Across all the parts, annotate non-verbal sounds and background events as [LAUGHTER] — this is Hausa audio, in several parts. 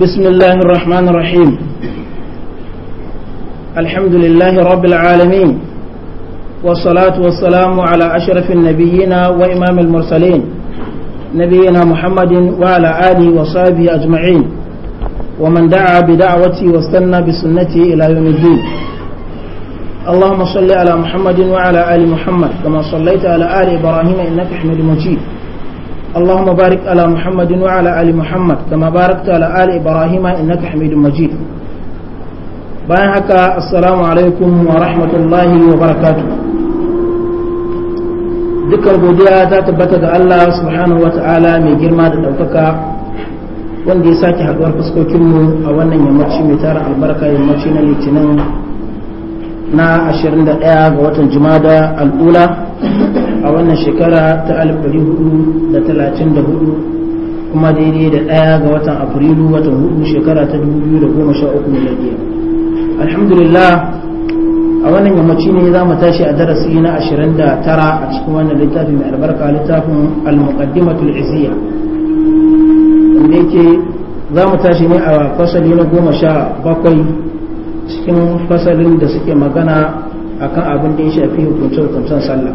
بسم الله الرحمن الرحيم الحمد لله رب العالمين والصلاة والسلام على أشرف النبيين وإمام المرسلين نبينا محمد وعلى آله وصحبه أجمعين ومن دعا بدعوتي واستنى بسنتي إلى يوم الدين اللهم صل على محمد وعلى آل محمد كما صليت على آل إبراهيم إنك حميد مجيد اللهم بارك على محمد وعلى آل محمد كما باركت على آل إبراهيم إنك حميد مجيد bayan haka assalamu alaikum wa rahmatullahi wa barakatu dukkan godiya ta tabbata ga Allah subhanahu wa ta'ala mai girma da ɗaukaka wanda ya sake haɗuwar fuskokinmu a wannan yammaci mai tara albarka yammaci na litinin na 21 ga watan jumada al'ula a wannan shekara ta hudu kuma daidai da ɗaya ga watan afrilu watan hudu shekara ta 2013 miladiya alhamdulillah a wannan yammaci ne za mu tashi a darasi na tara a cikin wannan littafi mai albarka littafin al-muqaddimatul izziya wanda yake za mu tashi ne a fasali na goma sha bakwai cikin fasalin da suke magana akan abin da ya shafi hukuncin hukuncin sallah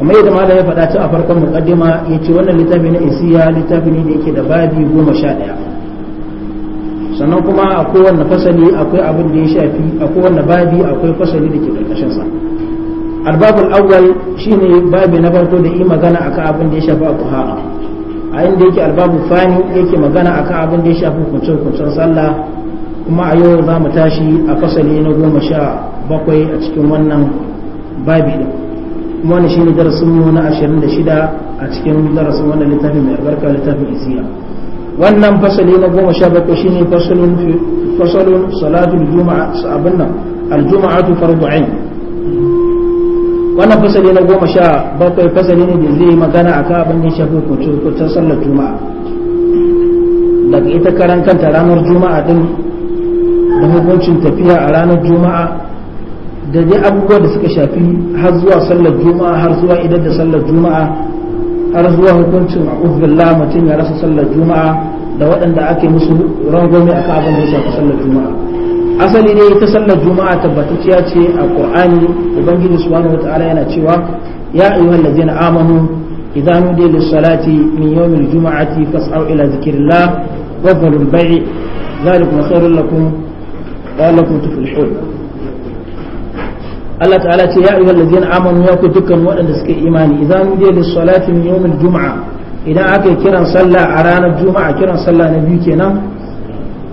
kamar yadda malam ya faɗa cewa a farkon muqaddima yace wannan littafi na isiya littafi ne da yake da babi goma sha ɗaya sannan kuma a kowanne fasali akwai abin da ya shafi a kowanne babi akwai fasali da ke karkashin sa albabul awwal shine babi na farko da yi magana akan abin da ya shafi a kuhara a inda yake albabu fani yake magana akan abin da ya shafi hukuncin hukuncin sallah kuma a yau za mu tashi a fasali na goma sha bakwai a cikin wannan babi din kuma wani ne darasin mu na 26 a cikin darasin wannan littafin mai albarka littafin isiya wannan fasali na goma sha bakwai shi ne fasalin salatul juma'a abin nan aljuma'atu fardu ain wannan fasali na goma sha bakwai fasali ne da zai magana a abin yin shafi kucin sallar juma'a daga ita karan kanta ranar juma'a din da hukuncin tafiya a ranar juma'a da dai abubuwa da suka shafi har zuwa sallar juma'a har zuwa idan da sallar juma'a har zuwa hukuncin a'udhu mutum ya rasa sallar juma'a da waɗanda ake musu rangwame akan abin da shafi sallar juma'a asali dai ta sallar juma'a tabbatacciya ce a qur'ani ubangiji subhanahu wataala yana cewa ya ayyuhal ladzina amanu idan nudiya lis-salati min yawmil juma'ati fas'au ila dhikrillah wa dharul bai'i dhalikum khairul lakum la'allakum tuflihun Allah ta'ala ce ya ayyuhal ladzina amanu ya ku dukkan waɗanda suka imani idan nudiya lis salati min yawmil jumu'a idan aka yi kiran sallah a ranar juma'a kiran sallah na biyu kenan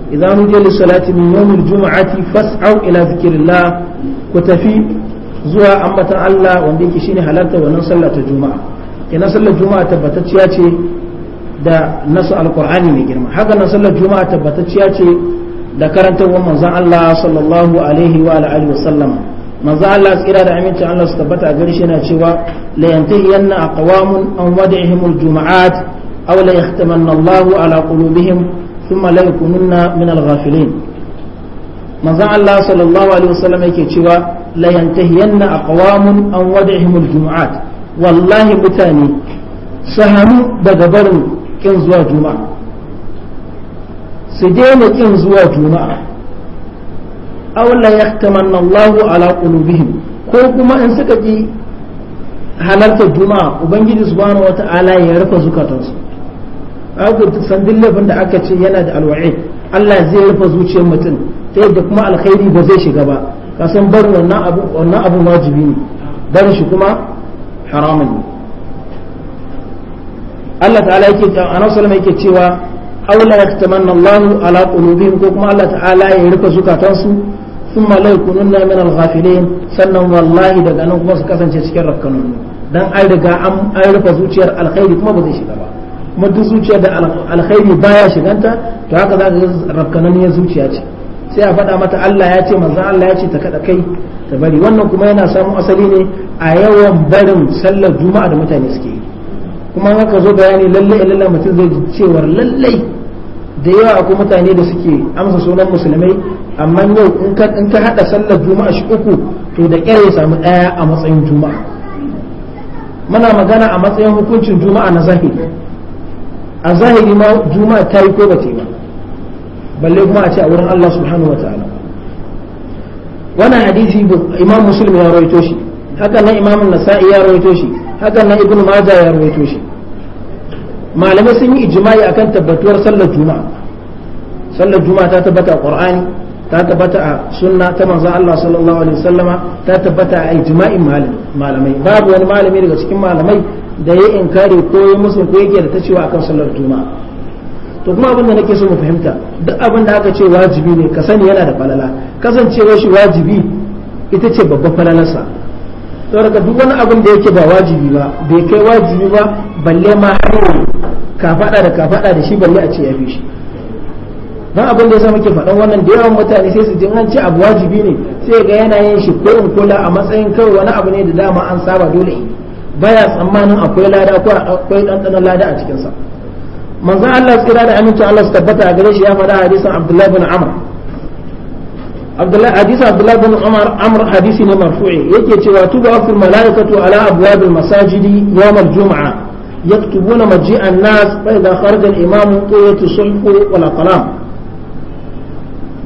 idan nudiya lis salati min yawmil jumu'ati fas'au ila zikrillah ku tafi zuwa ambatan Allah wanda yake shine halarta wannan sallah ta juma'a kenan sallar juma'a tabbatacciya ce da nasu alqur'ani mai girma haka nan sallar juma'a tabbatacciya ce da karantar manzon Allah sallallahu alaihi wa alihi wa sallama manzo Allah tsira da aminci Allah su tabbata a gare shi cewa la yantahiyanna aqwamun an wada'ihim al-jum'at aw la yahtamanna Allahu ala qulubihim thumma la yakununna min al-ghafilin manzo Allah sallallahu alaihi wasallam yake cewa la yantahiyanna aqwamun an wada'ihim al wallahi mutane sahanu daga barin kin zuwa juma'a su daina kin zuwa juma'a aw la yahtamanna Allahu ala qulubihim ko kuma in suka ki halartar juma'a ubangiji subhanahu wata'ala ya rufe zukatansu abu san dillafin da aka ce yana da alwa'i Allah zai rufe zuciyar mutum ta yadda kuma alkhairi ba zai shiga ba ka san barin wannan abu wannan abu wajibi ne barin shi kuma haramun ne Allah ta'ala yake cewa annabi sallallahu yake cewa aw la yahtamanna Allah ala qulubihim ko kuma Allah ta'ala ya rufe zukatansu ثم kunun يكونن من الغافلين sannan wallahi daga nan kuma su kasance cikin rakkanun dan ai daga an rufe zuciyar alkhairi kuma ba zai shiga ba kuma duk zuciyar da alkhairi baya shiganta to haka za ka rakkanun ya zuciya ce sai a faɗa mata Allah ya ce manzon Allah ya ce ta kada kai ta bari wannan kuma yana samun asali ne a yawan barin sallar juma'a da mutane suke yi kuma haka zo bayani lalle lalle mutum zai ji cewar lalle da yawa akwai mutane da suke amsa sunan musulmai amma yau in ka in ka hada sallar juma'a shi uku to da kyar ya samu daya a matsayin juma'a muna magana a matsayin hukuncin juma'a na zahiri a zahiri ma juma'a ta yi ko ba ta yi ba balle kuma a ce a wurin Allah subhanahu wataala wannan hadisi imam muslim ya rawaito shi haka nan imam nasa'i ya rawaito shi haka nan ibnu majah ya rawaito shi malamai sun yi ijma'i akan tabbatuwar sallar juma'a sallar juma'a ta tabbata a qur'ani ta tabbata a sunna ta manzon Allah sallallahu alaihi wasallama ta tabbata a ijma'in malamai babu wani malami daga cikin malamai da ya inkari ko ya musu ko yake da ta cewa akan sallar juma'a to kuma abin da nake so mu fahimta duk abin da aka ce wajibi ne ka sani yana da falala kasancewa shi wajibi ita ce babban falalarsa to daga duk wani abin da yake ba wajibi ba bai kai wajibi ba balle ma har ka fada da ka fada da shi balle a ce ya fi shi dan abin da yasa muke faɗan wannan da yawan mutane sai su ji an ce abu wajibi ne sai ga yana yin shi ko in kula a matsayin kawai wani abu ne da dama an saba dole yi baya tsammanin akwai lada ko akwai ɗanɗanon lada a cikin sa manzon Allah tsira da aminci Allah su tabbata a gare shi ya faɗa hadisin Abdullahi bin Amr Abdullahi hadisi Abdullahi bin Umar Amr hadisi ne marfu'i yake cewa tubafu malaikatu ala abwabil masajidi yawmal jumu'ah يكتبون مجيء الناس فإذا imam الإمام طويت الصحف والأقلام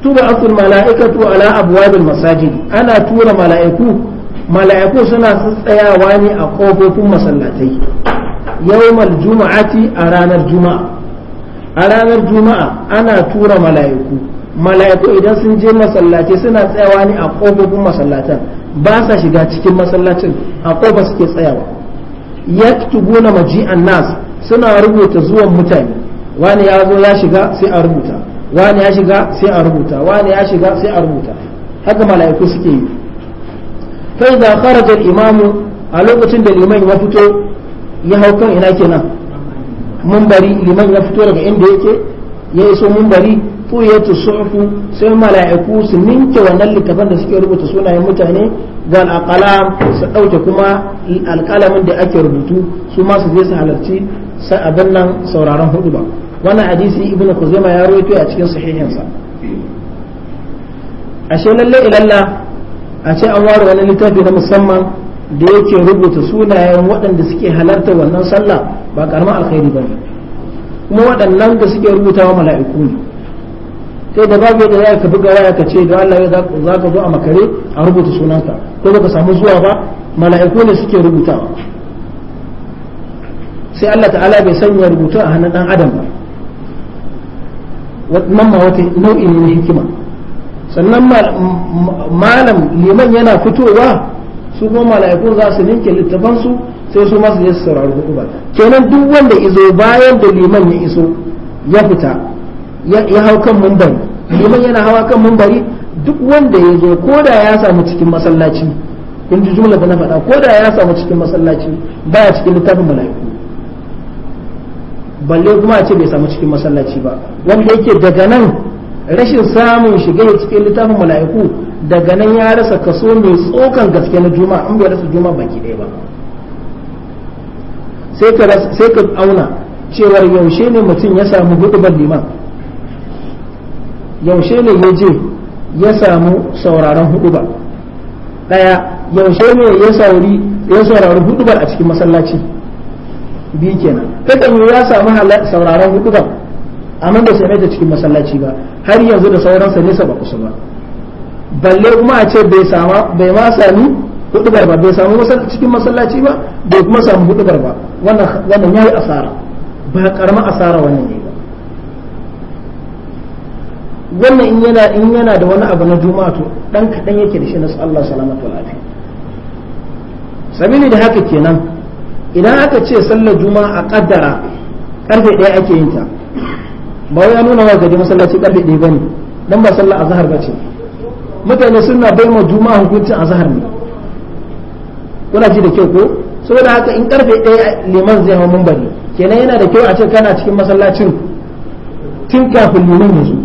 tubatu malaikatu ala abwab al ana tura malaiku malaiku suna tsayawa ne a kofofin masallatai yawmal a ranar juma'a A ranar juma'a ana tura malaiku malaiku idan sun je masallati suna tsayawa ne a kofofin masallatan ba sa shiga cikin masallacin a kofa suke tsayawa yaktubuna maji'an nas suna rubuta zuwan mutane wani ya zo ya shiga sai a rubuta wani ya shiga sai a rubuta wani ya shiga sai a rubuta haka mala'iku suke yi fa idza kharaja imamu a lokacin da liman ya fito ya hau kan ina kenan bari liman ya fito daga inda yake ya iso mun mumbari tuyatu su'fu sai mala'iku su ninke wannan littafin da suke rubuta sunayen mutane wal aqlam su dauke kuma alƙalamin da ake rubutu su ma su je su halarci sai a nan sauraron hudu ba wannan hadisi ibn khuzaima ya rawaito a cikin sahihinsa ashe lalle ilalla a ce an ware wani littafi na musamman da yake rubuta sunayen waɗanda suke halartar wannan sallah ba karamar alkhairi ba ne kuma waɗannan da suke rubutawa mala'iku ne sai da babu yadda za ka buga waya ka ce da Allah ya za ka zo a makare a rubuta sunanka ko baka samu zuwa ba mala'iku ne suke rubutawa sai Allah ta'ala bai sanya rubutu a hannun ɗan adam ba nan ma wata nau'i ne na hikima sannan malam liman yana fitowa su kuma mala'iku za su ninke littafan su sai su masu je su saurari ba kenan duk wanda izo bayan da liman ya iso ya fita ya hau kan mumbari liman yana hawa kan mumbari duk wanda ya zo ko da ya samu cikin masallaci kun ji jumla da na faɗa ko da ya samu cikin masallaci baya cikin littafin mala'iku balle kuma a ce bai samu cikin masallaci ba wanda yake daga nan rashin samun shiga ya cikin littafin mala'iku daga nan ya rasa kaso mai tsokan gaske na juma'a an bai rasa juma baki ɗaya ba sai ka auna cewar yaushe ne mutum ya samu hudubar liman yaushe ne ya je ya samu sauraron ba ɗaya yaushe ne ya saurari hudubar a cikin masallaci biyu kenan kakan ya samu sauraron hudu ba amma da sai ta cikin masallaci ba har yanzu da sauransa nisa ba kusa ba balle kuma a ce bai sama bai ma sami hudubar ba bai samu cikin masallaci ba bai kuma samu hudubar ba wannan wannan yayi asara ba karama asara wannan ne ba wannan in yana in yana da wani abu na juma'a to dan kadan yake da shi na Allah salamatu wal afiya sabili da haka kenan idan aka ce sallar juma'a a kaddara karfe ɗaya ake yin ta ba wai ya nuna wa gaji masallaci karfe ɗaya bane dan ba sallar azhar ba ce mutane suna bai ma juma'a hukuncin azhar ne kuna ji da kyau ko saboda haka in karfe ɗaya liman zai hau mumbari kenan yana da kyau a ce kana cikin masallacin tun kafin liman ya zo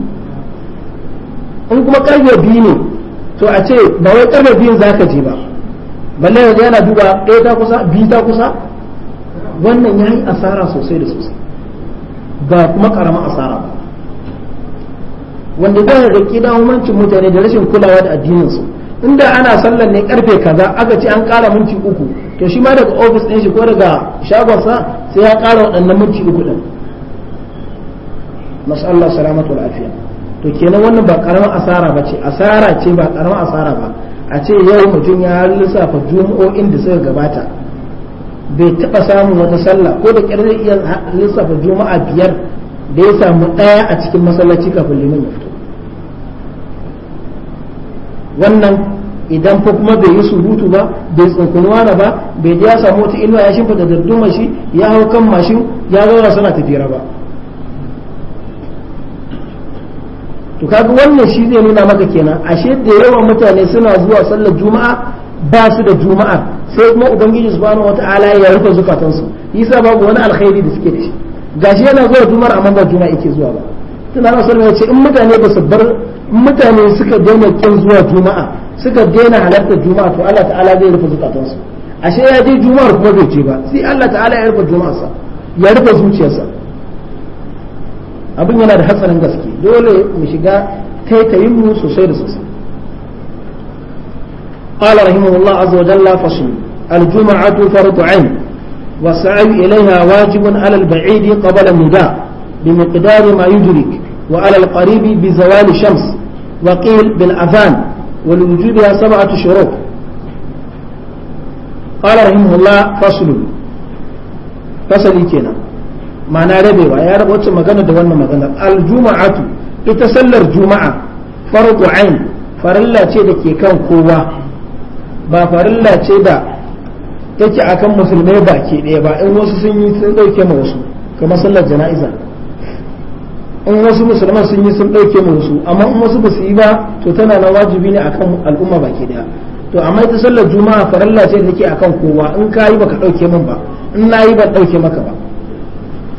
in kuma karfe biyu ne to a ce ba wai karfe biyun za ka je ba balle yanzu yana duba ɗaya ta kusa biyu ta kusa wannan ya yi asara sosai da sosai ba kuma karama asara ba wanda zai da kila hukuncin mutane da rashin kulawa da addininsu inda ana sallar ne karfe kaza aka ce an kara minti uku to shi ma daga ofis ɗin shi ko daga shagonsa sai ya kara waɗannan minti uku ɗin masu salamatu lafiya to kenan wannan ba karamin asara ba ce asara ce ba karamar asara ba a ce yau mutum ya lissafa juma'o'in da suka gabata bai taɓa samun wata sallah ko da ƙyar iya lissafa juma'a biyar da ya samu ɗaya a cikin masallaci kafin liman ya fito wannan idan fa kuma bai yi surutu ba bai tsinkuni wani ba bai da ya samu wata inuwa ya shimfa da darduma shi ya hau kan mashin ya zauna suna tafiyar ba to kaga wannan shi zai nuna maka kenan ashe da yawan mutane suna zuwa sallar juma'a ba su da juma'a sai kuma ubangiji subhanahu wataala ya rufe su yasa babu wani alkhairi da suke da shi gashi yana zuwa juma'ar amma ba juma'a yake zuwa ba tunda Allah sallallahu yace ce in mutane ba su bar mutane suka daina kin zuwa juma'a suka daina halarta juma'a to Allah ta'ala zai rufe su ashe ya je juma'ar kuma bai ce ba sai Allah ta'ala ya rufe juma'arsa ya rufe zuciyarsa abin yana da hatsarin gaske dole mu shiga taitayin mu sosai da sosai قال رحمه الله عز وجل فصل الجمعة فرض عين والسعي إليها واجب على البعيد قبل النداء بمقدار ما يدرك وعلى القريب بزوال الشمس وقيل بالأذان ولوجودها سبعة شروط قال رحمه الله فصل فصل كنا معنى ربيوة يا رب وتم مغانا دوانا مغانا الجمعة ita sallar juma'a farko ain farilla ce da ke kan kowa ba farilla ce da take akan musulmai baki ɗaya ba in wasu sun yi sun ɗauke ma wasu kamar sallar jana'iza in wasu musulman sun yi sun ɗauke ma wasu amma in wasu ba su yi ba to tana na wajibi ne akan al'umma baki ɗaya to amma ita sallar juma'a farilla ce take akan kowa in ka yi baka ɗauke min ba in na yi ban ɗauke maka ba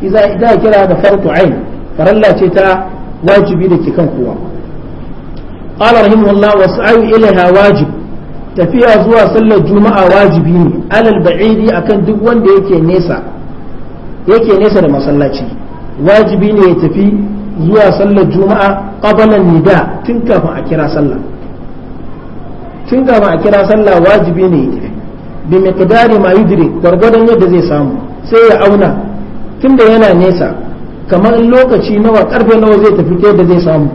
iza idan kira da farko ain farilla ce ta wajibi da ke kan kowa قال رحمه الله والسعي إليها واجب tafiya zuwa sallar juma'a wajibi ne alal ba'idi akan duk wanda yake nesa yake nesa da masallaci wajibi ne ya tafi zuwa sallar juma'a qablan nida tun kafin a kira sallah tun kafin a kira sallah wajibi ne ya tafi bi miqdari ma yudri gwargwadon yadda zai samu sai ya auna tunda yana nesa kamar lokaci nawa karfe nawa zai tafi ta yadda zai samu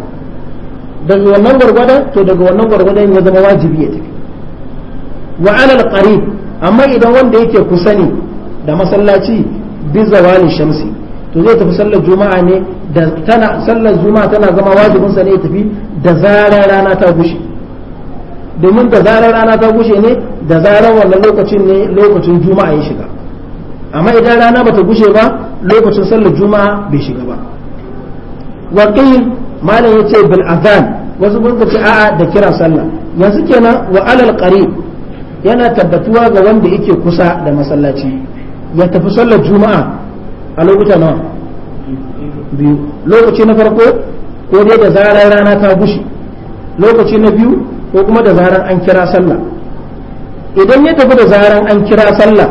daga wannan gwargwadon to daga wannan gwargwadon ya zama wajibi ya tafi wa alal qarib amma idan wanda yake kusa ne da masallaci bi zawali shamsi to zai tafi sallar juma'a ne da tana sallar juma'a tana zama wajibin sa ne ya tafi da zarar rana ta gushe domin da zarar rana ta gushe ne da zarar wannan lokacin ne lokacin juma'a ya shiga amma idan rana bata gushe ba lokacin sallar juma'a bai shiga ba wa qil malam yace bil adhan wasu kun a'a da kira sallah yanzu kenan wa alal qarib yana tabbatuwa ga wanda yake kusa da masallaci ya tafi sallar juma'a a lokuta nawa biyu lokaci na farko ko dai da zarar rana ta gushi lokaci na biyu ko kuma da zarar an kira sallah idan ya tafi da zarar an kira sallah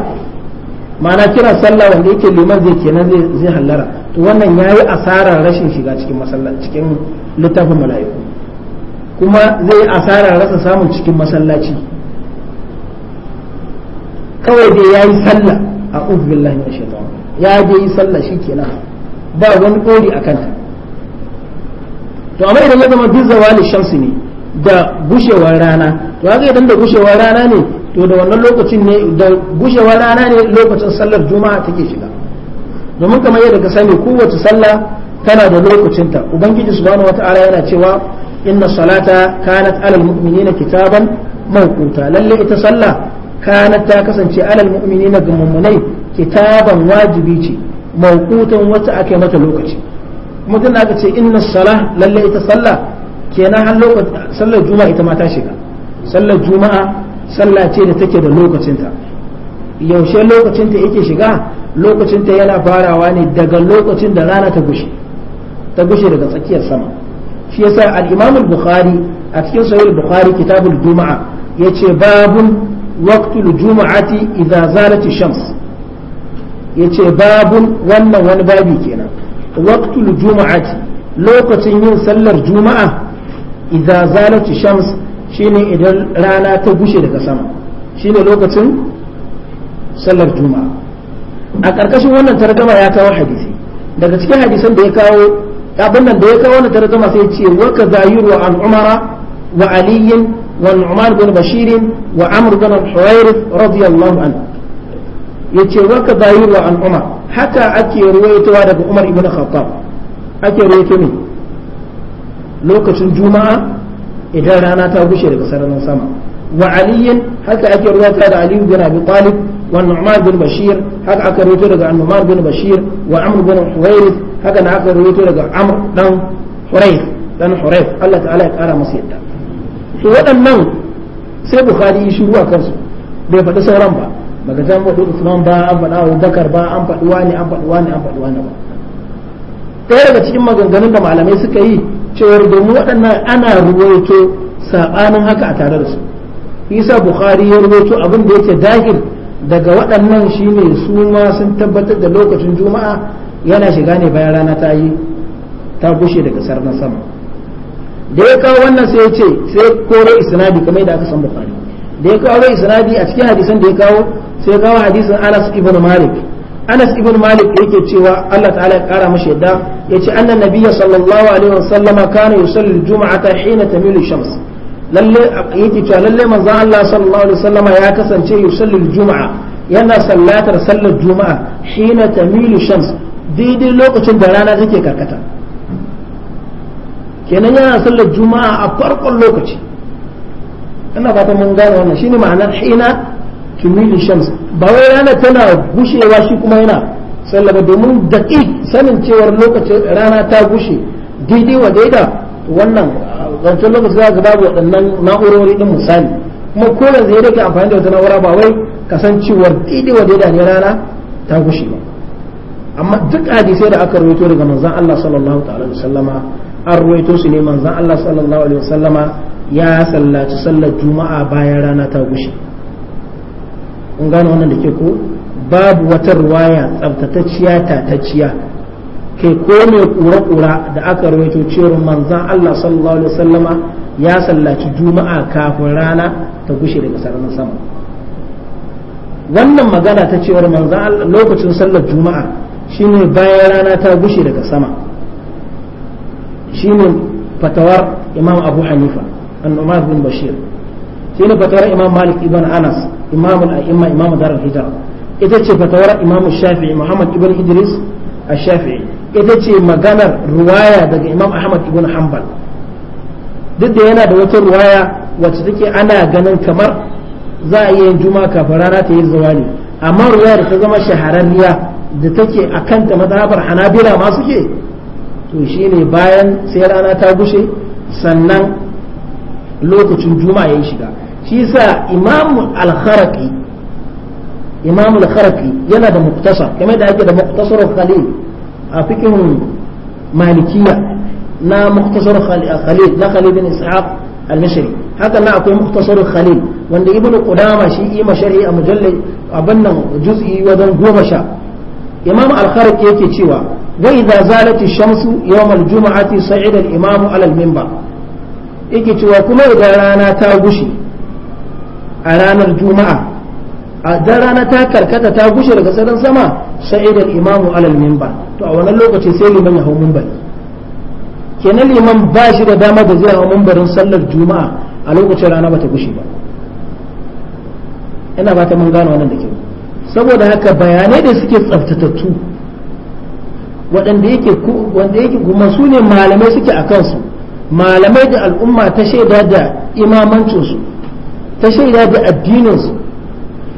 ma'ana kira sallah wanda yake liman zai kenan zai hallara to wannan ya yi asarar rashin shiga cikin masallaci cikin littafin mala'iku kuma zai yi asarar rasa samun cikin masallaci kawai dai ya yi sallah a ubillahi na shaitan ya dai yi sallah shi kenan ba wani ƙori a kanta to amma idan ya zama duk zawali shamsi ne da bushewar rana to haka idan da gushewar rana ne to da wannan lokacin ne da gushewar rana ne lokacin sallar juma'a take shiga domin kamar yadda ka sani kowace sallah tana da lokacinta ubangiji subhanahu wata'ala yana cewa inna salata kanat alal mu'minina kitaban mawquta lalle ita sallah kanat ta kasance alal na ga mummunai kitaban wajibi ce mawqutan wata aka mata lokaci mutum tun aka ce inna salah lalle ita sallah kenan har sallar juma'a ita ma ta shiga sallar juma'a sallah ce da take da lokacinta yaushe lokacinta yake shiga lokacinta yana farawa ne daga lokacin da rana ta gushe ta gushe daga tsakiyar sama shi yasa al-Imam al-Bukhari a cikin sahih al-Bukhari kitabul juma'a yace babun وقت الجمعة إذا زالت الشمس yace babu wannan wani babi kenan waqtul juma'ati lokacin yin sallar juma'a idza zalati shams shine idan rana ta gushe daga sama shine lokacin sallar juma'a a karkashin wannan tarjuma ya hadisi daga cikin hadisan da ya kawo abin nan da ya kawo wannan tarjuma sai ce wa kadha yuru an umara wa aliyin والنعمان بن بشير وعمر بن الحويرث رضي الله عنه yace waka bayiru an umar haka ake ruwaitowa daga umar ibn khattab ake ruwaito ne lokacin juma'a idan rana ta gushe daga sararin sama wa aliyin haka ake ruwaitowa da aliyu bin abi talib wa nu'man bin bashir haka aka ruwaito daga nu'man bin bashir wa amr bin huwairith haka na aka ruwaito daga amr dan hurayth dan Allah ta'ala ya su waɗannan sai bukari yi shiru a kansu bai faɗi sauran ba daga ta faɗi usman ba an faɗa abu bakar ba an faɗi wani an faɗi wani an faɗi wani ba ɗaya daga cikin maganganun da malamai suka yi cewar domin waɗannan ana ruwaito saɓanin haka a tare da su isa bukari ya ruwaito abin da yake dahil daga waɗannan shine su ma sun tabbatar da lokacin juma'a yana shiga ne bayan rana ta yi ta gushe daga sararin sama da ya kawo wannan sai ya ce sai koro isnadi kamar da aka san bukhari da ya kawo isnadi a cikin hadisan da ya kawo sai ya kawo hadisin Anas ibn Malik Anas ibn Malik yake cewa Allah ta'ala ya kara mashi yadda yace annan nabiyya sallallahu alaihi wasallama kana yusalli jum'ata hina tamilu shams lalle yake cewa lalle manzon Allah sallallahu alaihi wasallama ya kasance yusalli jum'a yana sallatar sallar juma'a hina tamilu shams daidai lokacin da rana take karkata kenan yana sallar juma'a a farkon lokaci ina fata mun gane wannan shine ma'anar hina tumilu shams ba wai rana tana gushewa shi kuma yana sallar ba domin daƙi sanin cewar lokacin rana ta gushe daidai wa daida wannan zancen lokaci za ga babu waɗannan na'urori ɗin misali kuma ko da ya dake amfani da wata na'ura ba wai kasancewar daidai wa daida ne rana ta gushe ba amma duk hadisai da aka rawaito daga manzon Allah sallallahu ta'ala da sallama an ruwaito su ne manzan Allah sallallahu alaihi wasallama ya sallaci sallar juma'a bayan rana ta gushe kun gane wannan da ke ko babu wata ruwaya tsabtatacciya tatacciya kai ko mai kura-kura da aka ruwaito cewar manzan Allah sallallahu alaihi wasallama ya sallaci juma'a kafin rana ta gushe daga sararin sama wannan magana ta cewar manzan lokacin sallar juma'a shine bayan rana ta gushe daga sama shine fatawar imam abu hanifa annuman bin bashir shine fatawar imam malik ibn anas imam al-a'imma imam dar hijira hijra ita ce fatawar imam shafi'i muhammad ibn idris a shafii ita ce maganar ruwaya daga imam ahmad ibn hanbal duk da yana da wata ruwaya wacce take ana ganin kamar za a yi juma kafin rana ta yi zawali amma ruwaya da ta zama shahararriya da take a kanta mazhabar hanabila masu ke. to ne bayan sai rana ta gushe sannan lokacin juma'a ya shiga shi sa imam al imam al yana da muktasar kamar da ake da muktasar khalil a fikin malikiya na muktasar khalil na khalil bin ishaq al-mishri haka na akwai muktasar khalil wanda ibnu qudama shi yi mashari a mujallal abin nan juz'i wajen goma sha imam al yake cewa wa idza zalati shamsu yawm al-jum'ati sa'ida al imam ala al-minbar yake cewa kuma idan rana ta gushe a ranar juma'a a dan rana ta karkata ta gushe daga tsaron sama sa'ida al-imamu ala al-minbar to a wannan lokaci sai liman ya hau minbari kenan liman ba shi da dama da zai hau mimbarin sallar juma'a a lokacin rana bata gushe ba ina ba ta mun gane wannan da kyau saboda haka bayanai da suke tsaftatattu waɗanda yake wanda kuma su ne malamai suke a kansu malamai da al'umma ta shaida da imamancinsu ta shaida da addininsu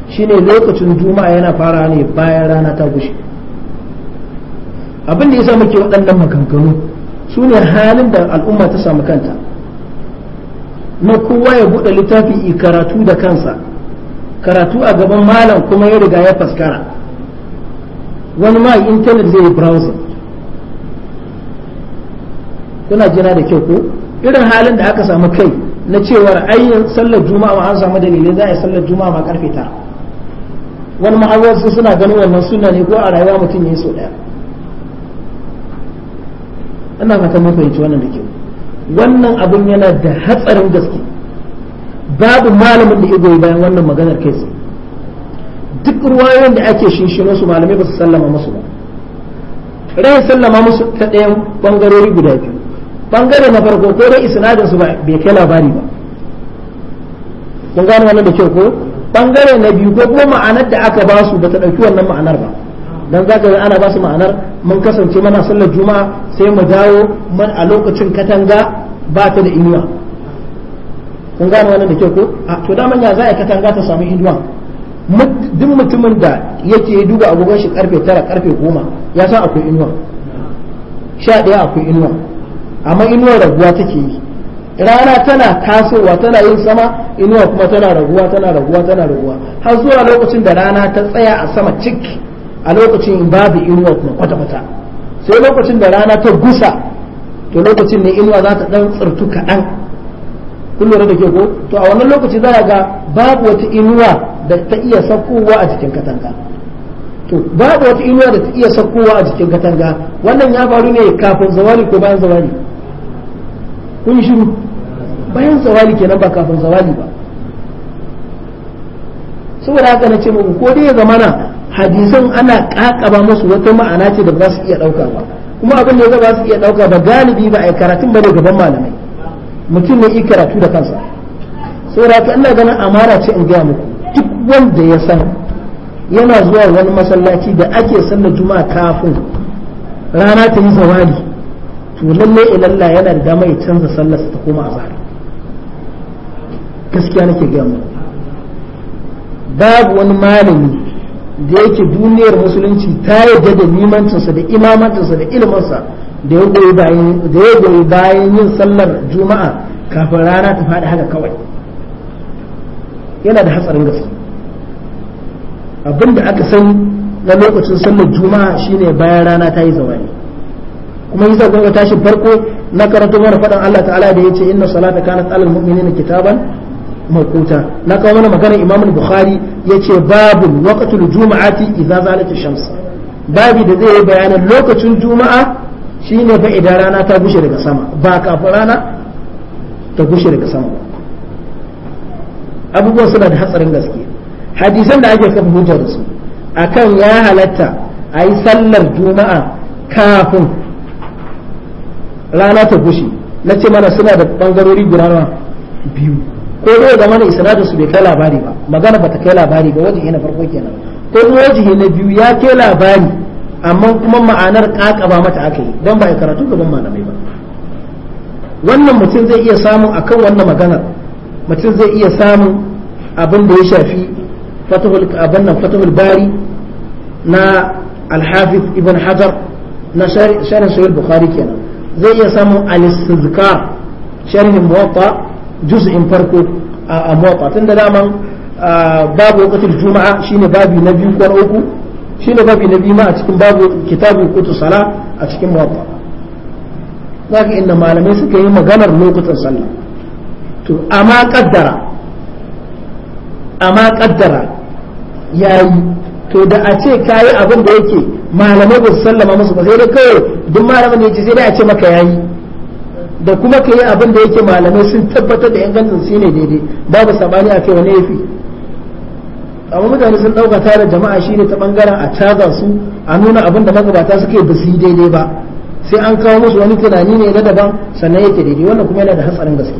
shine lokacin juma'a yana fara ne bayan rana ta gushe abin da ya sa muke waɗannan maganganu su ne halin da al'umma ta samu kanta na kowa ya buɗe littafi karatu da kansa karatu a gaban malam kuma ya riga ya faskara wani ma intanet zai yi browsing kuna jira da kyau ko irin halin da aka samu kai na cewar ayyin sallar juma'a an samu dalilai za a yi sallar juma'a ma karfe tara wani ma'awarsu suna ganin wannan suna ne ko a rayuwa mutum yi so ɗaya ina fata mun wannan da kyau wannan abun yana da hatsarin gaske babu malamin da igoyi bayan wannan maganar kai tsaye duk ruwayoyin da ake shinshino su malamai ba su sallama musu ba rai sallama musu ta ɗayan bangarori guda biyu ɓangare na farko ko dai isnadin su bai kai labari ba kun gane wannan da kyau ko ɓangare na biyu ko kuma ma'anar da aka ba su bata ɗauki wannan ma'anar ba dan zaka ga ana ba su ma'anar mun kasance mana sallar juma'a sai mu dawo man a lokacin katanga ba ta da inuwa kun gane wannan da ke ko a ah. to da manya za a tanga ta samu hidima duk mutumin da yake duba agogon shi karfe tara karfe goma ya san akwai inuwa sha daya akwai inuwa amma inuwar raguwa take yi rana tana tasowa tana yin sama inuwa kuma tana raguwa tana raguwa tana raguwa har zuwa lokacin da rana ta tsaya a sama cik a lokacin babu inuwa kuma kwata-kwata sai lokacin da rana ta gusa to lokacin ne inuwa za ta ɗan tsirtu kaɗan kun lura da ke ko to a wannan lokaci za a ga babu wata inuwa da ta iya sakowa a cikin katanga to babu wata inuwa da ta iya sakowa a cikin katanga wannan ya faru ne kafin zawali ko bayan zawali kun shiru bayan zawali kenan ba kafin zawali ba saboda haka na ce muku ko dai ya zamana hadisan ana kakaba musu wata ma'ana ce da ba su iya dauka ba kuma abin da ya ba su iya dauka ba galibi ba a karatun ba ne gaban malamai mutum ne yi karatu da kansa saboda haka ina ganin amara ce in gaya muku duk wanda ya san yana zuwa wani masallaci da ake sallar juma'a kafin rana ta yi zawali to lalle ilalla yana da dama ya canza sallar ta koma azhar gaskiya nake gaya muku babu wani malami da yake duniyar musulunci ta yarda da limancinsa da imamancinsa da ilminsa da ya goyi bayan yin sallar juma'a kafin rana ta faɗi haka kawai yana da hatsarin gaske abinda aka sani na lokacin sallar juma'a shine bayan rana ta yi zawani kuma yasa gwamnati tashi farko na karatu mana faɗan Allah ta'ala da yace inna salata kanat alal mu'minina kitaban maquta na kawo mana maganar Imam Bukhari yace babu waqtul juma'ati idza zalat ash-shams babi da zai yi bayanin lokacin juma'a shi ne fa idan rana ta gushe daga sama ba kafin rana ta gushe daga sama abubuwan suna da hatsarin gaske hadisan da ake kafa hujjar da su akan ya halatta a yi sallar juma'a kafin rana ta gushe na ce mana suna da bangarori guda biyu ko zai zama na isnadin su bai kai labari ba magana ba ta kai labari ba wajen yana farko kenan ko wajen na biyu ya kai labari amma kuma ma'anar kakaba mata aka yi don ba a karatu gaban malamai ba wannan mutum zai iya samun akan wannan maganar mutum zai iya samun abin da ya shafi abin nan fatahul bari na alhafiz ibn hajar na sharin sahih bukhari kenan zai iya samun al-istizkar sharhin muwatta juz'in farko a muwatta tun da daman babu waqtul juma'a shine babi na biyu ko uku shi ne babi na biyu ma a cikin babu kitabu kutu sala a cikin Za ka inda malamai suka yi maganar lokutan sallah to amma kaddara amma kaddara ya yi to da a ce ka yi abin da yake malamai ba su sallama musu ba sai dai kawai duk malamin da yake sai dai a ce maka ya yi. da kuma ka yi abin da yake malamai sun tabbatar da ingancin su ne daidai babu sabani a ne wani fi. amma mutane sun dauka da jama'a shi ne ta bangaren a caza su a nuna abin da magabata suke ba su yi daidai ba sai an kawo musu wani tunani ne na daban sannan yake daidai wannan kuma yana da hatsarin gaske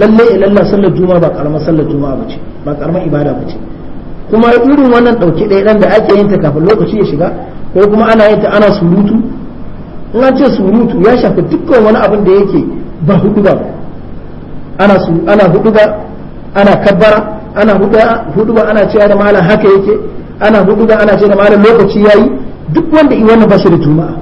lalle ilalla sallar juma'a ba karamar sallar juma'a bace ba karamar ibada bace kuma irin wannan ɗauki ɗaya dan da ake yin ta kafin lokaci ya shiga ko kuma ana yin ta ana surutu in an ce surutu ya shafi dukkan wani abin da yake ba hudu ba ana ana hudu ba ana kabbara ana hudu ba ana cewa da malam haka yake ana hudu ba ana cewa da malam lokaci yayi duk wanda i wannan ba da juma'a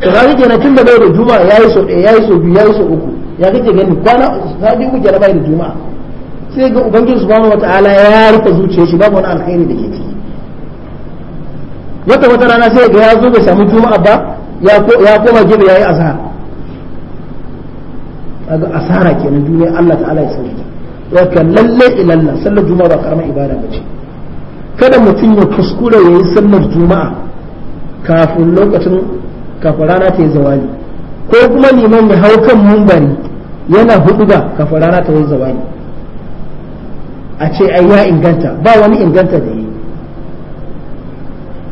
to ga kake na tunda bai da juma'a yayi so ɗaya yayi so biyu yayi so uku ya kike gani kwana sabi uku kenan bai da juma'a sai ga ubangiji subhanahu wataala ya rufe zuciyar shi babu wani alkhairi da ke ciki wata wata rana sai ga ya zo bai samu juma'a ba ya koma ya yayi azhar kaga asara kenan duniya Allah ta'ala ya sauke waka lalle ilalla sallar juma'a ba karamar ibada bace kada mutum ya kuskure yayi sallar juma'a kafin lokacin kafin rana ta yi zawali ko kuma liman ya hau kan mumbari yana huduba kafin rana ta yi zawali a ce ai ya inganta ba wani inganta da yi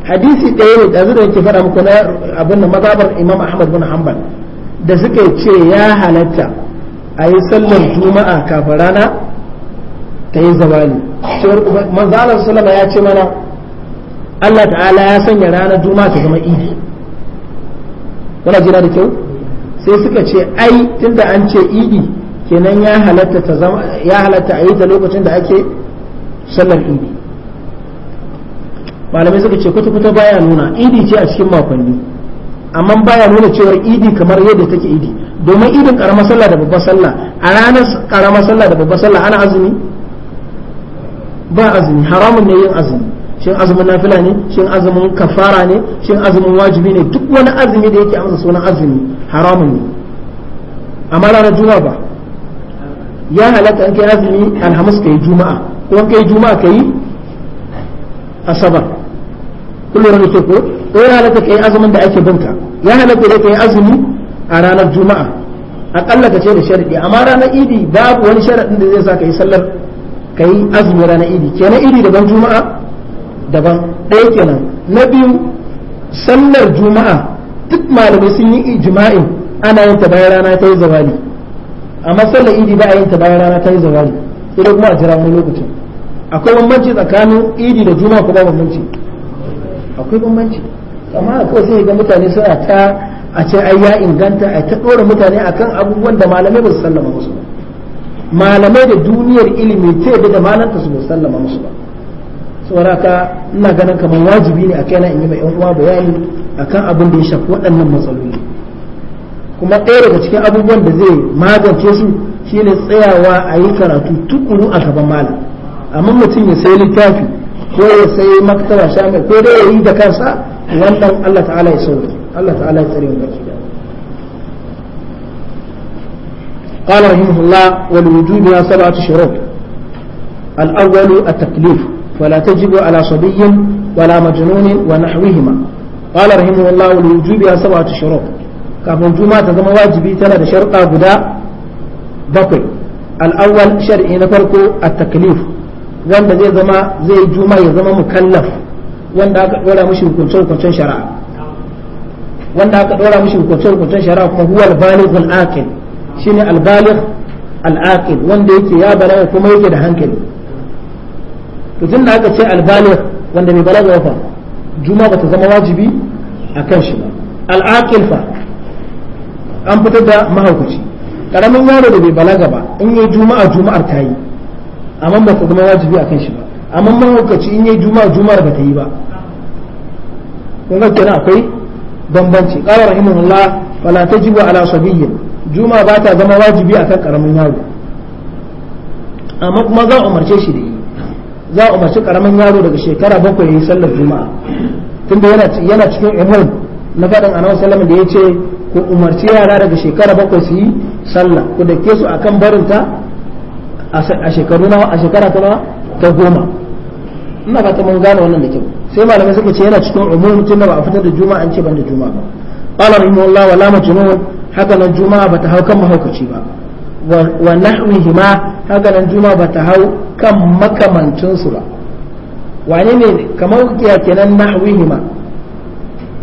hadisi ɗaya ne ɗazu da yake fara muku na abin da mazabar imam ahmad bin hanbal da suka ce ya halatta a yi sallar juma'a kafin rana ta yi zamani manzalar sulama ya ce mana Allah ta'ala ya sanya ranar juma'a ta zama idi wana jira da kyau sai suka ce ai tunda an ce idi kenan ya halatta a yi ta lokacin da ake sallar idi malamai suka ce kwata-kwata baya nuna idi ce a cikin makonni amma baya nuna cewar idi kamar yadda take idi domin idin karamar sallah da babbar sallah a ranar karamar sallah da babbar sallah ana azumi ba azumi haramun ne yin azumi shin azumin nafila ne shin azumin kafara ne shin azumin wajibi ne duk wani azumi da yake amsa sunan azumi haramun ne amma ranar juma'a ba ya halatta an kai azumi alhamis kai juma'a ko kai juma'a kai asabar kullum da ke ko ya halatta kai azumin da ake binka ya halatta da kai azumi a ranar juma'a akalla ka ce da sharaɗi amma ranar idi babu wani sharaɗin da zai sa ka yi sallar ka yi azumi ranar idi kenan idi daban juma'a daban ɗaya kenan na biyu sallar juma'a duk malamai sun yi ijma'in ana yin ta bayan rana ta yi zawali amma sallar idi ba a yin ta bayan rana ta yi zawali sai kuma a jira wani lokacin akwai bambanci tsakanin idi da juma'a ko ba bambanci akwai bambanci amma akwai sai ga mutane suna ta a ce ai ya inganta ai ta ɗora mutane akan abubuwan da malamai ba su sallama musu ba malamai da duniyar ilimi ta yadda da malanta su ba sallama musu ba saboda ina ganin kamar wajibi ne a kaina in yi ma yan uwa bayani akan abin da ya shafi waɗannan matsaloli kuma ɗaya daga cikin abubuwan da zai magance su shine tsayawa a yi karatu tukuru a gaban malam amma mutum ya sai littafi ko ya sai maktaba shamil ko dai ya yi da kansa wannan Allah ta'ala ya saurari Allah ta'ala ya tsare mu baki da قال رحمه الله والوجوب لها سبعة شروط الأول التكليف فلا تجب على صبي ولا مجنون ونحوهما قال رحمه الله والوجوب لها سبعة شروط كافن جمعة تزم واجبي تنا شرطة بدا بقي الأول شرعي نفرق التكليف وان زي زما زي جمعة زما مكلف وان ولا مش يكون شرعا wanda aka dora mishi hukunce hukuncen shari'a kuma huwa al-baligh al-aqil shine al-baligh al-aqil wanda yake ya balaga kuma yake da hankali to tunda aka ce al-baligh wanda bai balaga ba juma bata zama wajibi akan shi ba al-aqil fa an fitar da mahaukaci karamin yaro da bai balaga ba in yi juma'a juma'ar ta yi amma ba ta zama wajibi akan shi ba amma mahaukaci in yi juma'a juma'ar ba ta yi ba kun ga kenan akwai bambanci qala rahimahullah wala tajibu ala sabiyyin juma ba ta zama wajibi akan karamin yaro amma kuma za a umarce shi da yi za a umarci karamin yaro daga shekara bakwai ya yi sallar juma'a tunda yana yana cikin imam na faɗin annabi sallama da ya ce ku umarci yara daga shekara bakwai su yi sallah ku dake su akan barinta a shekaru a shekara ta goma ina fata mun gane wannan da kyau sai malamai suka ce yana cikin umum tun da ba a fitar da juma'a an ce ban da juma'a ba qala rahimahullah wala majnun haka nan juma'a bata hau kan mahaukaci ba wa nahwihima haka nan juma'a bata hau kan makamancin su ba wane ne kamar kiya kenan ma.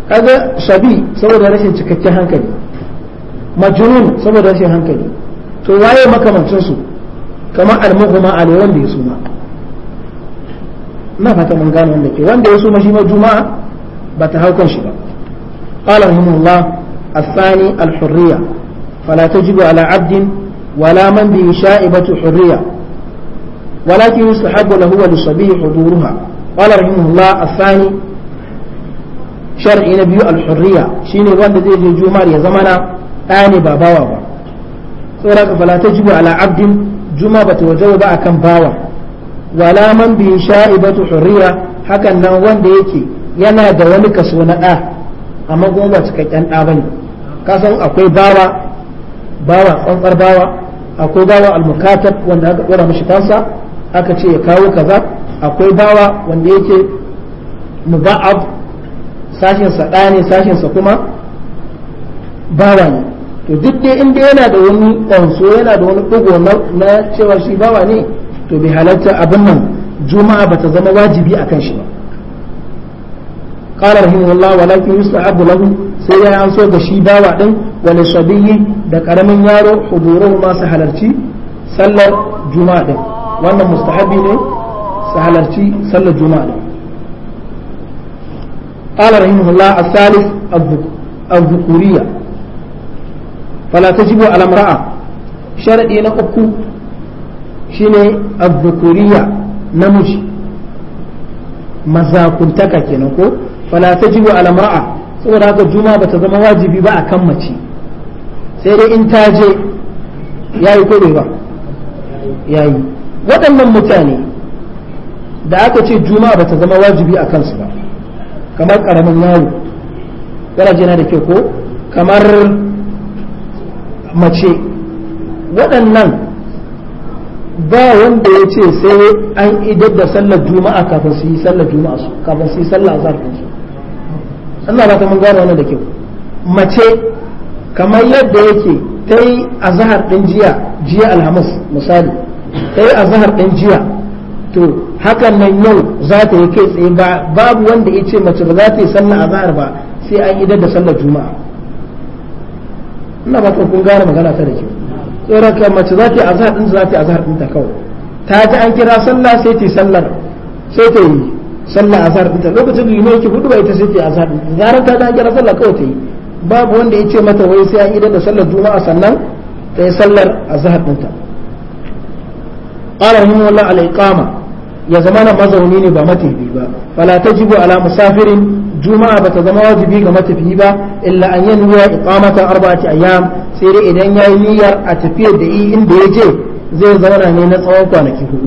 kaga shabi saboda rashin cikakken hankali majnun saboda rashin hankali to waye makamancin su kamar almughma alai wanda ya suma ina fata mun gane wanda ke wanda ya so ma shi ma juma'a ba ta haukan shi ba qala rahimahullah الثاني الحرية فلا تجب على عبد ولا من به شائبة حرية ولكن يستحب له وللصبي حضورها قال رحمه الله الثاني شرع نبي الحرية شيني وان دي جمار يا زمانا آني بابا بابا سورك فلا تجب على عبد جمعة وجوبة كم باوا wala man bi sha'ibatu hurriya hakan nan wanda yake yana da wani kaso na ɗa amma kuma ba cikakken da bane ka san akwai bawa bawa tsantsar bawa akwai bawa almukatab wanda aka dora mishi tansa aka ce ya kawo kaza akwai bawa wanda yake muba'ab sashin sa da ne sashin sa kuma bawa ne to duk dai inda yana da wani ƙanso yana da wani ɗigo na cewa shi bawa ne to bai halatta abin nan juma'a bata zama wajibi akan shi ba qala rahimahullah walakin yustahabu lahu sai ya an so ga shi bawa din wal sabiyyi da karamin yaro huduruhu ma su halarci sallar juma'a din wannan mustahabi ne su halarci sallar juma'a din qala rahimahullah as-salis الذكورية فلا تجب على امرأة شرط إلى shine azzukuriya namiji mazakuntaka kenan ko fala alama'a ala saboda haka juma ta zama wajibi ba kan mace sai dai in ta je yayi yi bai ba yayi waɗannan mutane da aka ce juma bata zama wajibi a kansu ba kamar ƙaramin yaro garaje na da ke ko kamar mace waɗannan ba wanda ya ce sai an idar da sallar juma'a kafin su yi sallar juma'a su kafin su yi sallar azhar su Allah ba ta mun gane wannan da kyau mace kamar yadda yake ta yi azhar din jiya jiya alhamis misali ta yi azhar din jiya to hakan nan yau za ta yi kai tsaye ba babu wanda ya ce mace ba za ta yi sallar azhar ba sai an idar da sallar juma'a ina ba ta kun gane magana ta da kyau tsoraka mace za ta yi azhar ɗinta za ta yi azhar ɗinta kawai ta ji an kira sallah sai ta yi sallar sai ta yi sallar azahar ɗinta lokacin da yi yake hudu ba ita sai ta yi azahar ɗinta zarar ta ji an kira sallah kawai ta yi babu wanda ya ce mata wai sai an yi da sallar juma'a sannan ta yi sallar azahar ɗinta qala rahimahullah al-iqama ya zamana mazauni ne ba matafi ba fala tajibu ala musafirin juma'a bata zama wajibi ga matafiyi ba illa an yi niyyar iqamata arba'ati ayyam sai dai idan yayi niyyar a tafiyar da yi inda ya je zai zauna ne na tsawon kwanaki hudu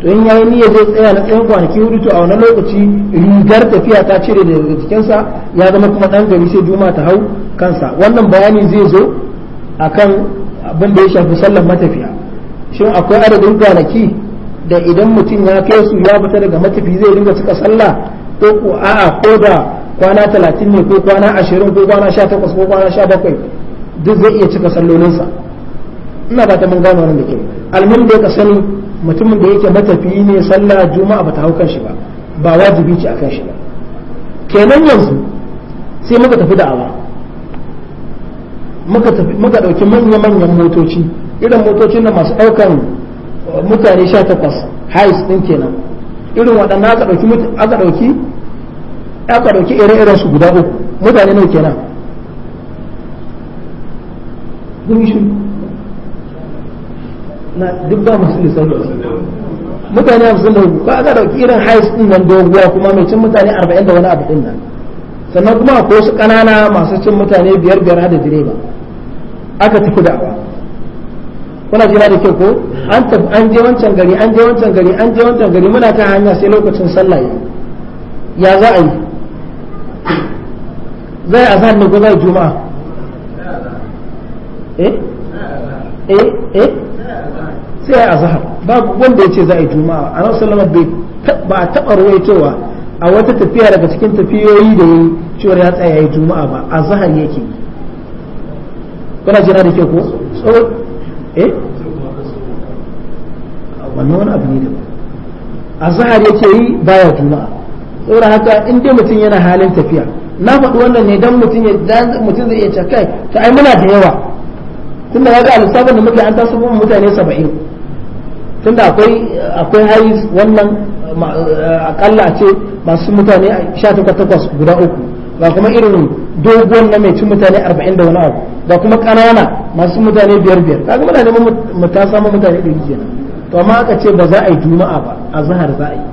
to in yayi niyyar zai tsaya na tsawon kwanaki hudu to a wani lokaci rigar tafiya ta cire daga jikinsa ya zama kuma dan gari sai juma'a ta hau kansa wannan bayani zai zo akan abin da ya shafi sallar matafiya shin akwai adadin kwanaki da idan mutum ya kai su ya fita daga matafi zai dinga cika sallah ko a'a ko da kwana talatin ne ko kwana ashirin ko kwana sha takwas ko kwana sha bakwai duk zai iya cika sallolinsa ina ba ta mun gano wannan da ke almin da ka sani mutumin da yake matafiyi ne sallah juma'a ba ta hau shi ba ba wajibi ce akan shi ba kenan yanzu sai muka tafi da muka tafi muka dauki manya-manyan motoci irin motocin da masu daukan uh, mutane 18 hais din kenan irin waɗannan aka ɗauki ya dauki ire-iren su guda uku mutane nawa kenan kun shi na duk ba musu lissafi mutane hamsin da ko aka ɗauki irin high school nan doguwa kuma mai cin mutane arba'in da wani abu din nan sannan kuma akwai wasu ƙanana masu cin mutane biyar biyar da direba aka tafi da kuna jira da kyau ko an tafi an je wancan gari an je wancan gari an je wancan gari muna ta hanya sai lokacin sallah ya za a yi zai azhar ne ko zai juma'a eh eh eh sai azhar Ba wanda yace zai juma'a annabi sallallahu alaihi wasallam ba a taba ruwaitowa a wata tafiya daga cikin tafiyoyi da yayi cewa ya tsaya yayi juma'a ba azhar yake kana jira da ke ko eh wannan wani abu ne da azhar yake yi baya juma'a saboda haka in dai mutum yana halin tafiya na faɗi wannan ne don mutum ya mutum zai iya cakai to ai muna da yawa tunda ya ga alisabar da muke an taso mu mutane saba'in tunda akwai akwai hayis wannan akalla a ce masu mutane sha takwas takwas guda uku ga kuma irin doguwan na mai cin mutane arba'in da wani abu ga kuma ƙanana masu mutane biyar biyar kaga muna neman mu ta samu mutane ɗari kenan to amma aka ce ba za a yi juma'a ba a zahar za a yi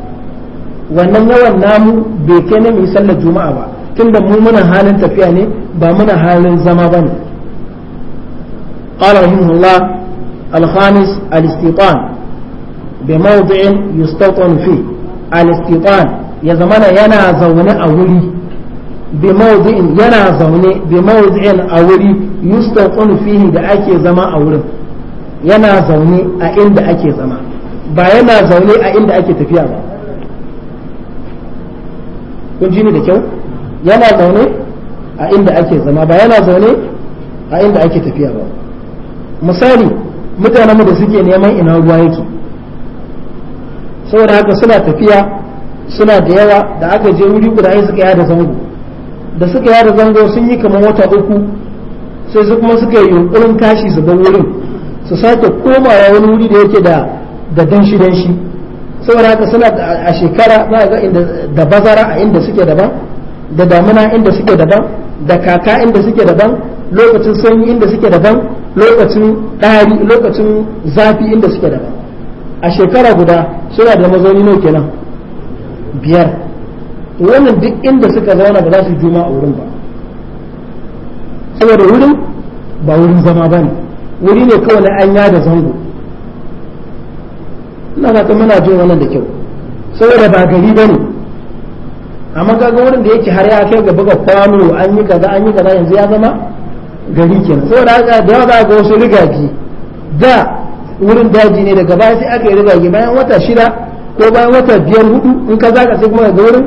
wannan yawan namu bai kai na mai sallar juma'a ba tunda mu muna halin tafiya ne ba muna halin zama ba ne qala rahimahullah al-khamis al-istitan bi fi al-istitan ya zamana yana zaune a wuri bi yana zaune bi mawdi'in a wuri yustatan fihi da ake zama a wurin yana zaune a inda ake zama ba yana zaune a inda ake tafiya ba kun ji ni da kyau yana zaune a inda ake zama ba yana zaune a inda ake tafiya ba misali mutanenmu da suke neman ina ruwa yake saboda haka suna tafiya suna da yawa da aka je wuri guda ai suka yada zango da suka yada zango sun yi kamar wata uku sai su kuma suka yi yunkurin tashi su bar wurin su sake komawa wani wuri da yake da da danshi danshi saboda haka suna a shekara za ga inda da bazara a inda suke daban da damuna inda suke daban da kaka inda suke daban lokacin sanyi inda suke daban lokacin ɗari lokacin zafi inda suke daban a shekara guda suna da mazauni nawa kenan biyar wannan duk inda suka zauna ba za su juma a wurin ba saboda wurin ba wurin zama ba ne wuri ne kawai na anya da zango ina fata muna jin wannan da kyau saboda ba gari ba ne amma kaga wurin da yake har ya kai ga buga kwano an yi kaza an yi kaza yanzu ya zama gari kenan saboda haka da yawa za ga wasu rigaki da wurin daji ne daga baya sai aka yi rigaki bayan wata shida ko bayan wata biyar hudu in ka zaka sai kuma ga wurin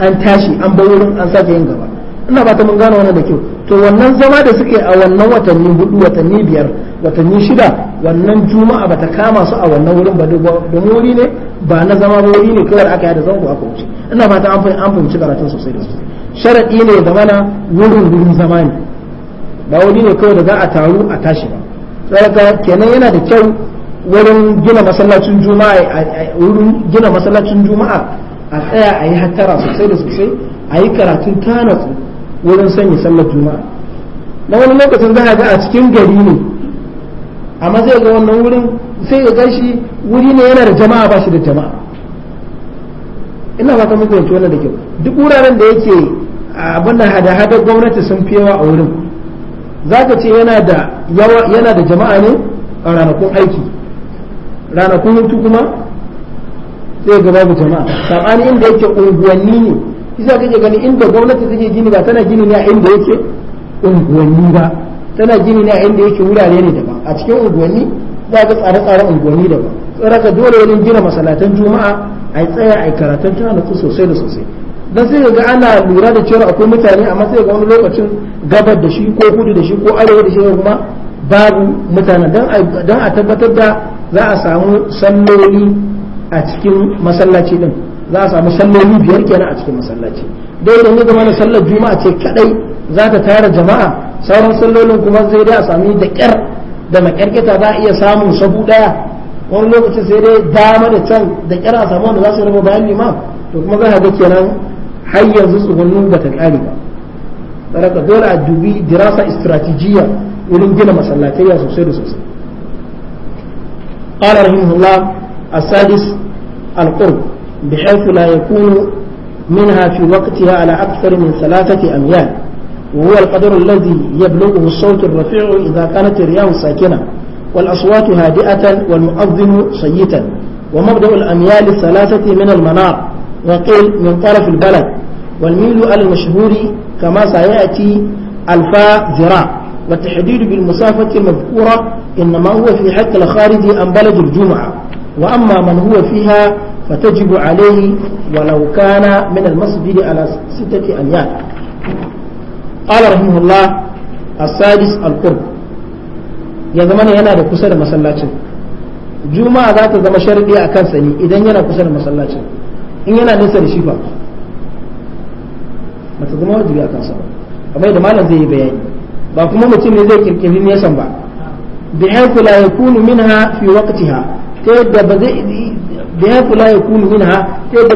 an tashi an bar wurin an sake yin gaba ina ba ta mun gane wannan da kyau to wannan zama da suke a wannan watanni hudu watanni biyar watanni shida wannan juma'a bata kama su a wannan wurin ba da wuri ne ba na zama wuri ne kawai aka yada zango aka wuce ina fata an fahimci karatun sosai da sosai sharadi ne da mana wurin wurin zama ne ba wuri ne kawai da za a taru a tashi ba saboda kenan yana da kyau wurin gina masallacin juma'a wurin gina masallacin juma'a a tsaya a yi hattara sosai da sosai a yi karatun tanatsu wurin sanya sallar juma'a na wani lokacin za a ga a cikin gari ne amma zai ga wannan wurin sai ya gashi wuri ne yana da jama'a ba shi da jama'a ina fata muku wannan da kyau duk wuraren da yake abin da hada-hadar gwamnati sun fi yawa a wurin za ka ce yana da yawa yana da jama'a ne a ranakun aiki ranakun hutu kuma sai ga babu jama'a sabani inda yake unguwanni ne isa kake gani inda gwamnati take gini ba tana gini ne a inda yake unguwanni ba tana gini ne a inda yake wurare ne ba. a cikin unguwanni za ga tsare-tsaren unguwanni daban ka dole wani gina masalatan juma'a a tsaya a yi karatun tana ku sosai da sosai don sai ga ana lura da cewa akwai mutane amma sai ga wani lokacin gabar da shi ko kudu da shi ko arewa da shi kuma babu mutane don a tabbatar da za a samu salloli a cikin masallaci din za a samu salloli biyar kenan a cikin masallaci dole ne zama na sallar juma'a ce kadai za ta tara jama'a sauran sallolin kuma zai dai a sami da kyar da makyarketa za a iya samun sabu daya wani lokacin sai dai dama da can da kyar a samu wanda za su raba bayan liman to kuma za ga kenan har yanzu tsugunnin ba ta kare ba saboda dole a dubi dirasa istratijiyya wurin gina masallatai ya sosai da sosai قال رحمه الله السادس القرب بحيث لا يكون منها في وقتها على أكثر من ثلاثة أميال وهو القدر الذي يبلغه الصوت الرفيع إذا كانت الرياح ساكنة والأصوات هادئة والمؤذن صيتا ومبدأ الأميال الثلاثة من المنار وقيل من طرف البلد والميل على المشهور كما سيأتي الفاء ذراع والتحديد بالمسافة المذكورة إنما هو في حق الخارج أم بلد الجمعة وأما من هو فيها فتجب عليه ولو كان من المسجد على ستة أميال qala rahimahullah as-sadis al-qurb ya zama ne yana da kusa da masallacin juma'a za ta zama sharadi a kansa ne idan yana kusa da masallacin in yana nesa da shi ba mata zama wajibi a kansa ba kamar da malam zai yi bayani ba kuma mutum ne zai kirkiri nesan ba bi haythu la yakunu minha fi waqtiha ta yadda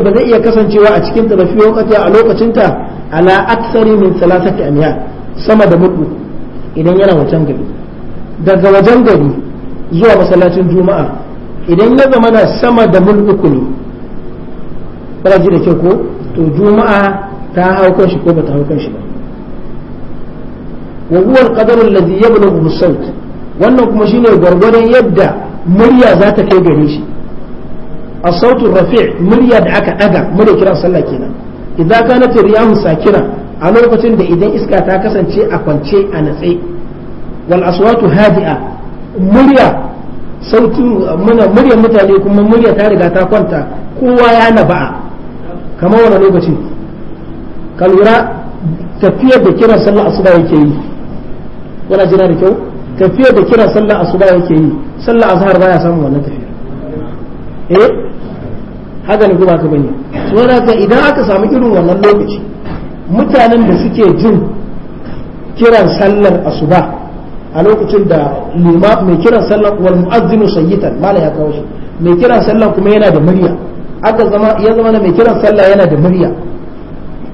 ba zai iya kasancewa a cikin ta ba fi a lokacin ta ala aksari min salasati amiya sama da mudu idan yana wajen gari daga wajen gari zuwa masallacin juma'a idan ya zama na sama da mul uku ne kana ji da kyau ko to juma'a ta hau kan shi ko ta hau kan shi ba wa huwa al-qadar alladhi yablughu as-sawt wannan kuma shine gwargwadon yadda murya za ta kai gare shi as-sawt rafi' murya da aka daga murya kiran sallah kenan idza kanat riyahu sakira a lokacin da idan iska ta kasance a kwance a natse wal aswatu hadi'a murya sauti muna murya mutane kuma murya ta riga ta kwanta kowa ya naba'a kamar wani lokacin ka lura tafiyar da kiran sallar asuba yake yi wala jira da kyau tafiyar da kiran sallar asuba yake yi sallar azhar baya samun wannan tafiyar eh haka kuma ka bane so haka idan aka samu irin wannan lokaci mutanen da suke jin kiran sallar asuba a lokacin da lima mai kiran sallar wal mu'azzinu sayyitan mala ya kawo shi mai kiran sallar kuma yana da murya aka zama ya zama mai kiran sallar yana da murya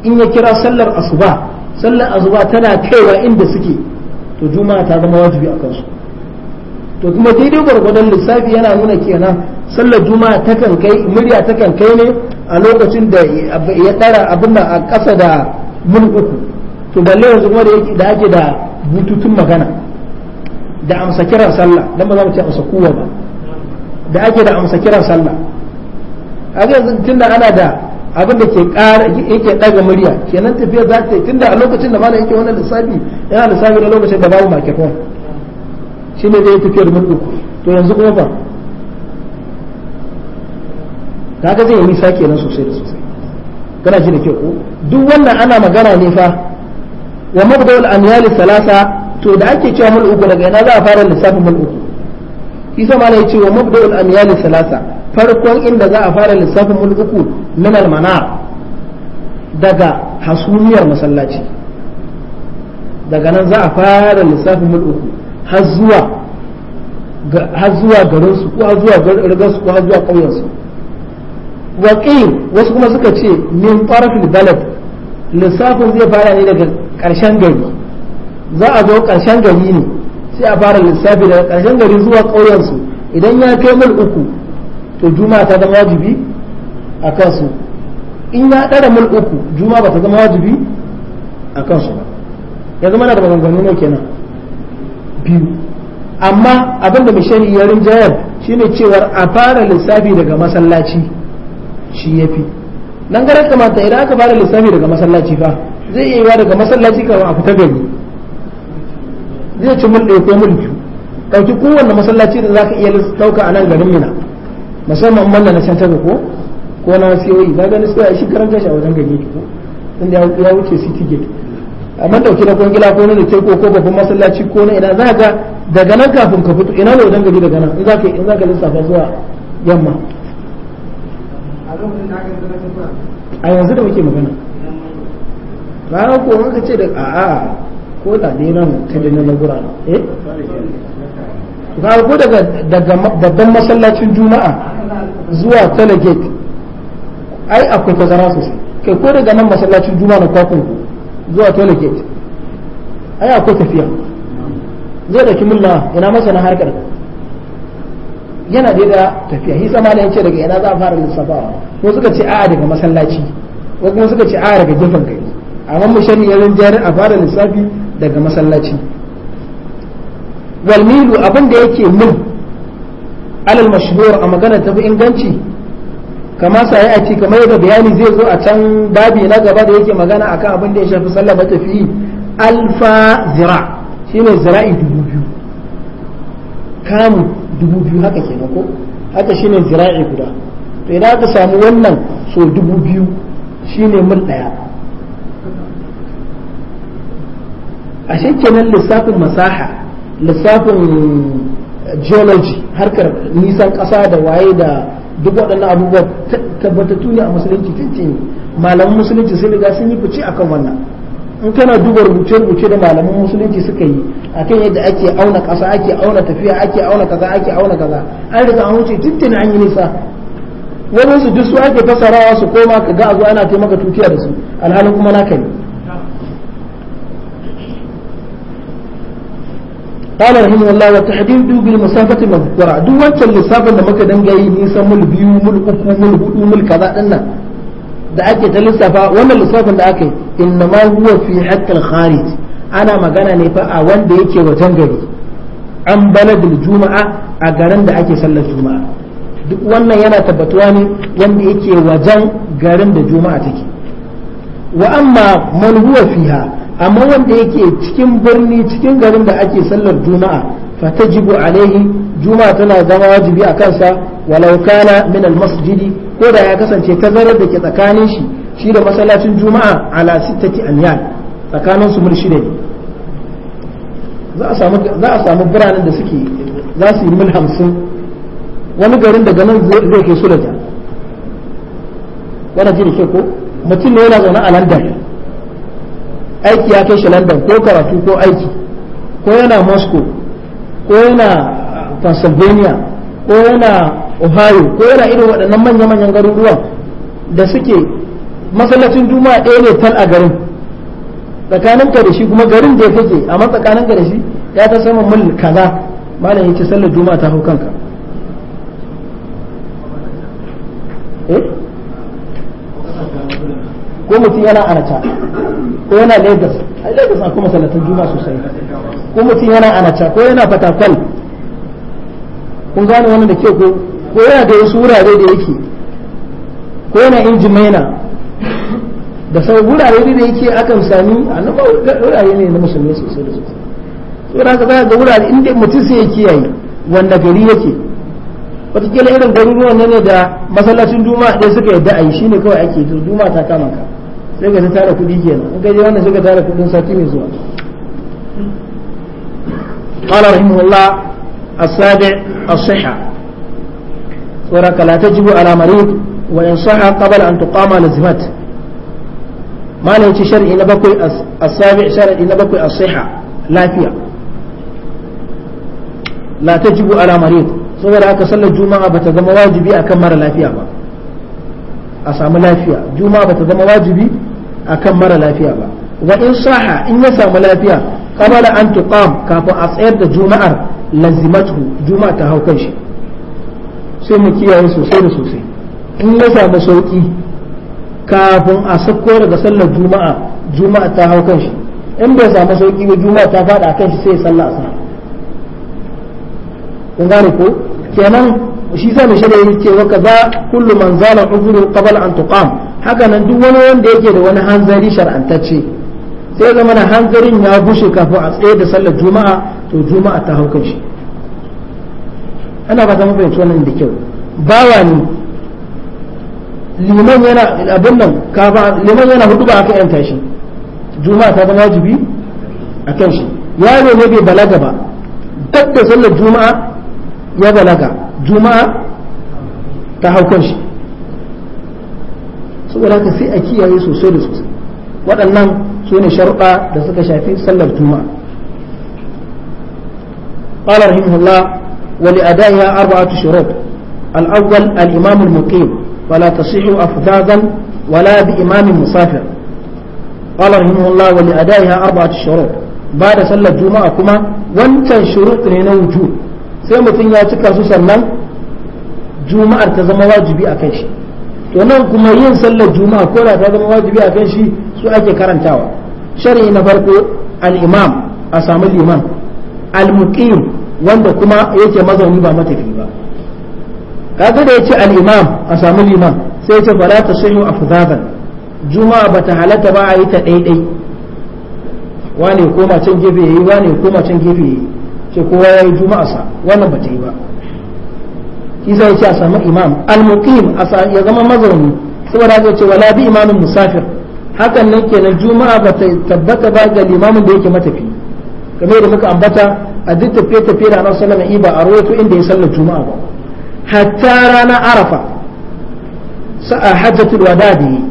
in ya kira sallar asuba sallar asuba tana kaiwa inda suke to juma'a ta zama wajibi a kansu to kuma daidai gwargwadon lissafi yana nuna kenan sallar juma'a kan kai murya ta kan kai ne a lokacin da ya tsara abin da a ƙasa da mun uku to balle yanzu kuma da ake da bututun magana da amsa kiran sallah dan ba za mu ce amsa kowa ba da ake da amsa kiran sallah a yanzu tunda ana da abin da ke ƙara yake ɗaga murya kenan tafiya za ta tunda a lokacin da malam yake wannan lissafi yana lissafi na lokacin da babu microphone shi ne zai tafiyar mil to yanzu kuma ba kaga zai yi nisa kenan sosai da sosai kana ji da ke ko duk wannan ana magana ne fa wa mabda al amyal salasa to da ake cewa mil uku daga ina za a fara lissafin mil uku isa na yi ce wa mabda al amyal salasa farkon inda za a fara lissafin mil uku min al daga hasumiyar masallaci daga nan za a fara lissafin mil uku har zuwa garinsu garin su ko har zuwa rigarsu su ko har zuwa ƙauyensu su wasu kuma suka ce min farafin balad lissafin zai fara ne daga ƙarshen gari za a zo ƙarshen gari ne sai a fara lissafi daga ƙarshen gari zuwa ƙauyensu su idan ya kai mil uku to juma ta zama wajibi a kansu in ya ɗara mil uku juma ba ta zama wajibi a kansu ba ya zama na da maganganu ne kenan biyu amma abinda mai shari ya rinjayar shine cewar a fara lissafi daga masallaci shi ya fi nan gara kamata idan aka fara lissafi daga masallaci fa zai iya yiwa daga masallaci kawai a fita gari zai ci mulɗe ko mulki ɗauki kowanne masallaci da za ka iya ɗauka a nan garin mina musamman manna na can taga ko ko na siyoyi e. ka gani siyoyi shi karanta shi a wajen gari ko inda ya wuce city gate amma dauki na kwangila ko ne da ko ko babban masallaci ko na ina za ka daga nan kafin ka fito ina ne wajen gari daga nan in za ka in za ka lissafa zuwa yamma a yanzu da muke magana Rana ko ka ce da a'a ko da dai nan ta ne na gura eh ko daga daga babban masallacin juma'a zuwa telegate ai akwai tazara sosai kai ko daga nan masallacin juma'a na kwakwun zuwa toilet gate ai akwai tafiya zai dauki mulla ina masana harkar yana dai da tafiya hisa ma yace daga ina za a fara lissafawa ko suka ce a'a daga masallaci ko kuma suka ce a'a daga gefen gari amma mu shani yayin jari a fara lissafi daga masallaci wal abin da yake mil alal mashhur a magana tafi inganci kama sai a ci kamar yadda bayani zai zo a can babi na gaba da yake magana akan abin da ya shafi sallah matafi alfa zira shine zira'i dubu biyu kamu dubu biyu haka kenan ko haka shine zira'i guda to idan aka samu wannan so dubu biyu shine mil daya ashe kenan lissafin masaha lissafin geology harkar nisan kasa da waye da duk waɗannan abubuwa tabbatattu ne a musulunci tintin malaman musulunci sun riga sun yi fice akan wannan in kana duba rubuce-rubuce da malaman musulunci suka yi a kan yadda ake auna ƙasa ake auna tafiya ake auna kaza ake auna kaza an riga an wuce tintin an yi nisa wani su duk su ake fasarawa su koma ka ga a zo ana taimaka tutiya da su alhalin kuma na ne قال رحمه الله والتحديد بالمسافة المذكورة دو wancan lissafin da muka danga yi nisan mul biyu mul uku mul hudu mul kaza din nan da ake ta lissafa wannan lissafin da aka yi inna ma huwa fi haqqil kharij ana magana ne fa a wanda yake wajen gari an baladul juma'a a garin da ake sallar juma'a duk wannan yana tabbatuwa ne wanda yake wajen garin da juma'a take wa amma man fiha amma wanda yake cikin birni cikin garin da ake sallar juma'a tajibu alaihi juma'a tana zama wajibi a kansa walau kana min almasjidi ko da ya kasance tazarar da ke tsakanin shi shi da masallacin juma'a ala sittati anyal tsakanin su mil ne za a samu za a samu biranen da suke za su yi mil hamsin wani garin daga nan zai ke sulaja wani ji da ke ko mutum ne yana zaune a london aiki ya kai shi london ko karatu ko aiki ko yana moscow ko yana pennsylvania ko yana ohio ko yana irin waɗannan manya-manyan garuruwa da suke masallacin juma'a ɗaya ne tal a garin tsakanin da shi kuma garin da ya kake amma tsakanin da shi ya ta sama mul kaza malam yace sallar duma ta hau kanka eh? ko mutum yana arata ko yana Legas a a kuma salatin juma'a sosai ko mutum yana Anacha ko yana Fatakwal kun gane wani da ke ko ko yana da wasu wurare da yake ko yana Injimaina da sau wurare da yake akan sami annaba wurare ne na musulmi sosai da sosai saboda ka za ga wurare inda mutum sai ya kiyaye wanda gari yake wataƙila irin garuruwan ne da masallacin juma'a ɗaya suka yadda a yi shine kawai ake to juma'a ta kama ka sai ka tara kuɗi kenan in ka je wannan sai ka tara kuɗin sati mai zuwa قال رحمه الله السابع الصحة ورك لا تجب على مريض وإن صح قبل أن تقام لزمته ما له شرع إن السابع شرع إن الصحة لا فيها لا تجب على مريض saboda haka sallar juma'a bata zama wajibi akan mara lafiya ba a samu lafiya juma ba ta zama wajibi akan mara lafiya ba wa in saha in ya samu lafiya qabala an tuqam kafin a tsayar da juma'ar lazimatu juma ta hau kan shi sai mu kiyaye sosai da sosai in ya samu sauki kafin a sako daga sallar juma'a juma'a ta hau kan shi in bai samu sauki ba juma'a ta fada kan shi sai sallah asar kun gane ko kenan shi sa mai shari'a yake wa kaza kullu man zala uzru qabla an tuqam haka nan duk wani wanda yake da wani hanzari shar'antacce sai zama na hanzarin ya bushe kafin a tsaye da sallar juma'a to juma'a ta hau shi ana ba ta mafi wannan da kyau bawa ne liman yana abin nan liman yana hudu ba aka yanta shi juma'a ta zama wajibi a kan shi ya yaro ne bai balaga ba duk da sallar juma'a ya balaga juma'a ta haukan shi saboda haka sai a kiyaye sosai da sosai waɗannan sune ne da suka shafi sallar juma'a ƙalar himhullah wani adaiya arba'atu shirot al'awwal al'imamul muqim ولا تصح أفذاذا ولا بإمام مسافر قال رحمه الله ولأدائها أربعة شروط بعد صلاة الجمعة كما وانت شروط لنا وجود sai mutum ya cika su sannan juma'ar ta zama wajibi a kan shi to nan kuma yin sallar juma'a ko da ta zama wajibi a kan shi su ake karantawa shari'i na farko al'imam imam a samu liman al-muqim wanda kuma yake mazauni ba matafi ba kaga da yace al-imam a samu liman sai yace fala tashihu afdadan juma'a bata halata ba a yi ta daidai wane koma can gefe yayi wane koma can gefe yayi ce kowa ya yi juma'arsa wannan ba ta yi ba isa ya ce a samu imam al-muqim ya zama mazauni saboda zai ce wala bi imamin musafir hakan nan kenan juma'a ba ta tabbata ba ga limamin da yake matafi kamar da muka ambata a duk tafiye tafiye da annabi sallallahu alaihi ba a rawaito inda ya sallar juma'a ba hatta rana arafa sa'a hajjatul wada da yi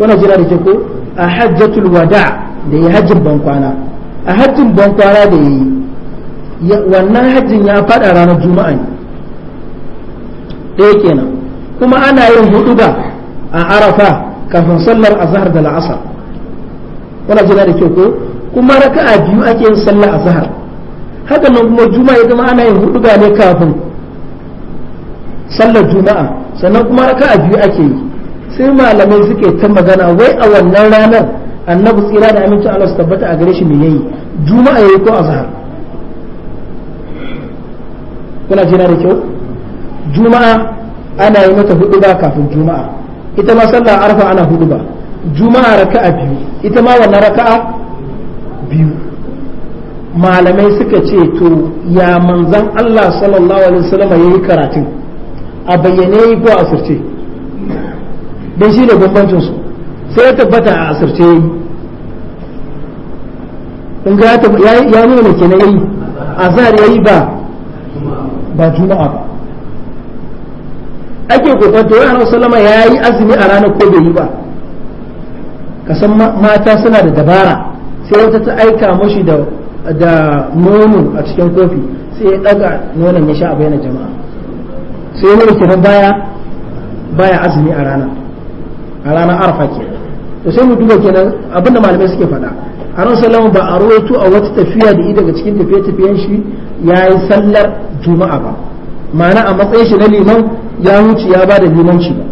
wannan jira da ke ko a hajjatul wada da ya hajjin ban kwana a hajjin ban kwana da ya yi wannan hajjin ya fada ranar juma'a ne ɗaya kenan kuma ana yin hudu ba a arafa kafin sallar azhar da la'asar wani jina da kyau ko kuma raka a biyu ake yin sallar azhar haka nan kuma juma'a zama ana yin hudu ba ne kafin sallar juma'a sannan kuma raka a biyu ake yi sai malamai suke ta magana wai a wannan ranar annabi tsira da amincin Allah su tabbata a gare shi me yayi juma'a yayi ko azhar kuna jira da kyau juma'a ana yi mata huduba ba kafin juma'a ita ma sallah arfa ana huduba ba juma'a raka'a biyu ita ma wannan raka'a biyu malamai suka ce to ya manzan Allah sallallahu alaihi wasallam yayi karatun a bayyane ko a sirce dan shi ne bambancin su sai ya tabbata a asirce in ga ya nuna kenan yayi azhar yi ba ba juma'a ba ake kokonta wai annabi sallama ya yi azumi a ranar ko bai yi ba ka san mata suna da dabara sai wata ta aika mashi da da nono a cikin kofi sai ya daga nonon ya sha a bayan jama'a sai ya nuna kenan baya baya azumi a rana a ranar arfa ke da sai mu duba kenan abinda malamai suke faɗa a ran sallama ba a rawaito a wata tafiya da daga cikin tafiye-tafiyen shi ya yi sallar juma'a ba ma'ana a matsayin shi na liman ya wuce ya ba da limanci ba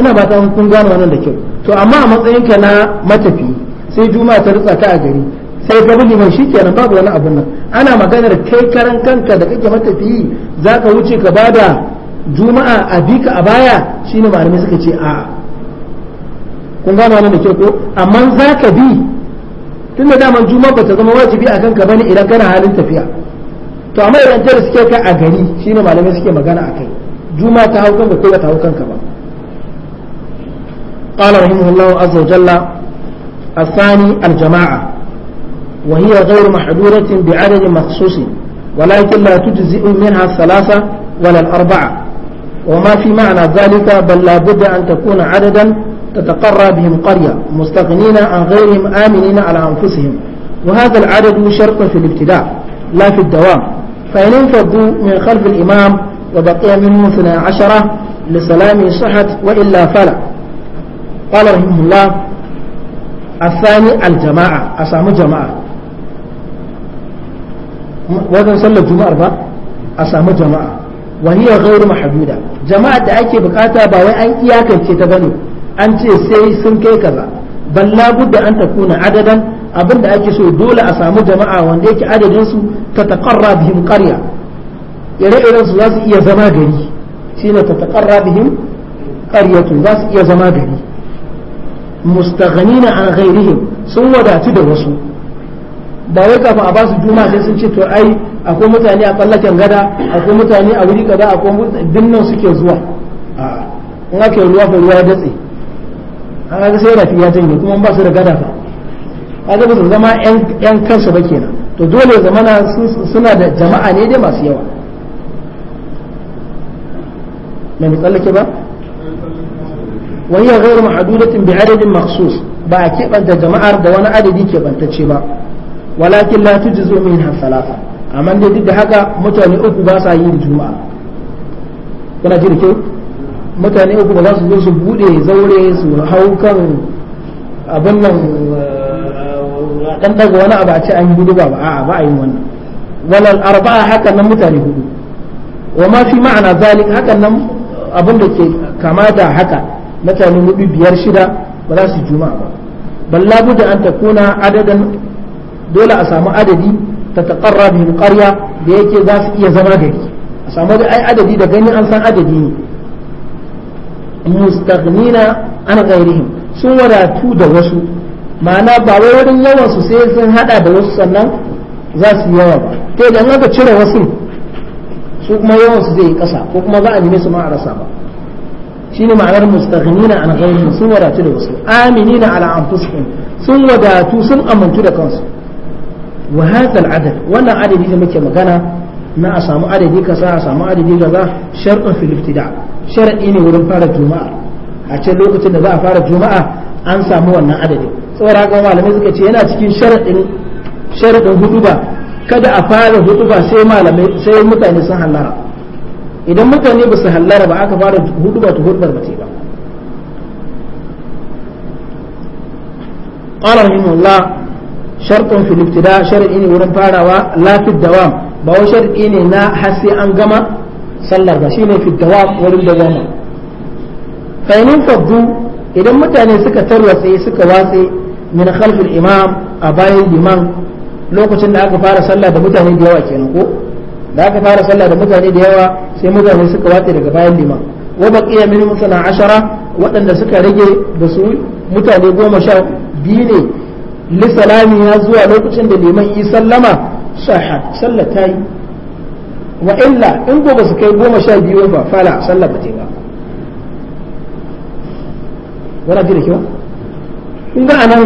ina ba ta kun gane wannan da kyau to amma a matsayin ka na matafi sai juma'a ta rutsa ka a gari sai ka bi liman kenan babu wani abun nan ana maganar kai karan kanka da kake matafi za ka wuce ka ba da juma'a a bika a baya shine malamai suka ce a'a kun gano wannan da ke ko amma za ka bi tun da daman juma'a ba ta zama wajibi a kanka bane idan kana halin tafiya to amma idan ta suke ka a gari shine malamai suke magana a kai juma'a ta hau kanka ko ba ta hau kanka ba قال رحمه الله عز وجل الثاني الجماعة وهي غير محدودة بعدد مخصوص ولكن لا تجزئ منها الثلاثة ولا الأربعة وما في معنى ذلك بل لا بد أن تكون عددا تتقرى بهم قرية مستغنين عن غيرهم آمنين على أنفسهم وهذا العدد شرط في الابتداء لا في الدوام فإن انفضوا من خلف الإمام وبقي منهم اثنا عشرة لسلام صحت وإلا فلا قال رحمه الله الثاني الجماعة أسام جماعة وذن صلى الجمعة أربعة أسام جماعة وهي غير محدودة جماعة أكي بقاتا باوي أن إياك الكتاباني an ce sai sun kai kaza bal budda an takuna adadan abinda ake so dole a samu jama'a wanda yake adadin su ta taqarra bihim qarya ire-iren su za su iya zama gari shine ta taqarra bihim qaryatu za su iya zama gari mustaghnina an ghairihim sun wadatu da wasu ba wai kafin a ba su juma sai sun ce to ai akwai mutane a tsallaken gada akwai mutane a wuri kaza akwai dinnan suke zuwa in aka ruwa fa ruwa ya datse kaga sai rafi ya janye kuma ba su da gada fa kaga ba su zama yan kansu ba kenan to dole zamana suna da jama'a ne dai masu yawa mai tsallake ba wani ya gairu ma'adudatin bi adadin maksus ba a keɓanta jama'ar da wani adadi keɓantacce ba walakin la tujzu min hasalata amma dai duk da haka mutane uku ba sa yin juma'a kuna ji da kyau mutane uku ba za su zo su bude zaure su hau kan abin nan dan eh, daga wani abu a ce an gudu ba a'a ba a yi wannan walal arba'a hakan nan mutane hudu wa ma fi ma'ana zalik hakan nan abin da ke kama da haka mutane hudu biyar shida ba za su juma'a ba balla budda an takuna adadin dole a samu adadi ta taqarra bihi qarya da yake za su iya zama gari a samu adadi da gani an san adadi ne yustaghnina an ghairihim sun wadatu da wasu ma'ana ba wai wurin yawan su sai sun hada da wasu sannan za su yawa ba idan aka cire wasu su kuma yawan su zai yi kasa ko kuma za a nemi su ma a rasa ba shine ma'anar mustaghnina an ghairihim sun wadatu da wasu aminina ala anfusihim sun wadatu sun amintu da kansu wa hadha al-adad wannan adadi da muke magana na a samu adadi kaza a samu adadi kaza sharɗin fil ibtida sharadi ne wurin fara juma'a a can lokacin da za a fara juma'a an samu wannan adadi saboda haka malamai suka ce yana cikin sharadin sharadin huduba kada a fara huduba sai malamai sai mutane sun hallara idan mutane ba su hallara ba aka fara huduba to hudubar ba ta ba قال رحمه الله شرط في الابتداء شرط إني ورم فاروا لا ba wai sharɗi ne na har sai an gama sallar ba ne fi dawab wurin dawama fa in faddu idan mutane suka tarwatse suka watse min khalfin imam a bayan liman lokacin da aka fara sallah da mutane da yawa kenan ko da aka fara sallah da mutane da yawa sai mutane suka watse daga bayan liman wa baqiya min musana ashara waɗanda suka rage da su mutane goma sha biyu ne lissalami ya zuwa lokacin da liman yi sallama sahat sallah ta yi wa illa in ko ba su kai goma sha biyu ba fala sallah ba ta yi ba wani ji da kyau in ga anan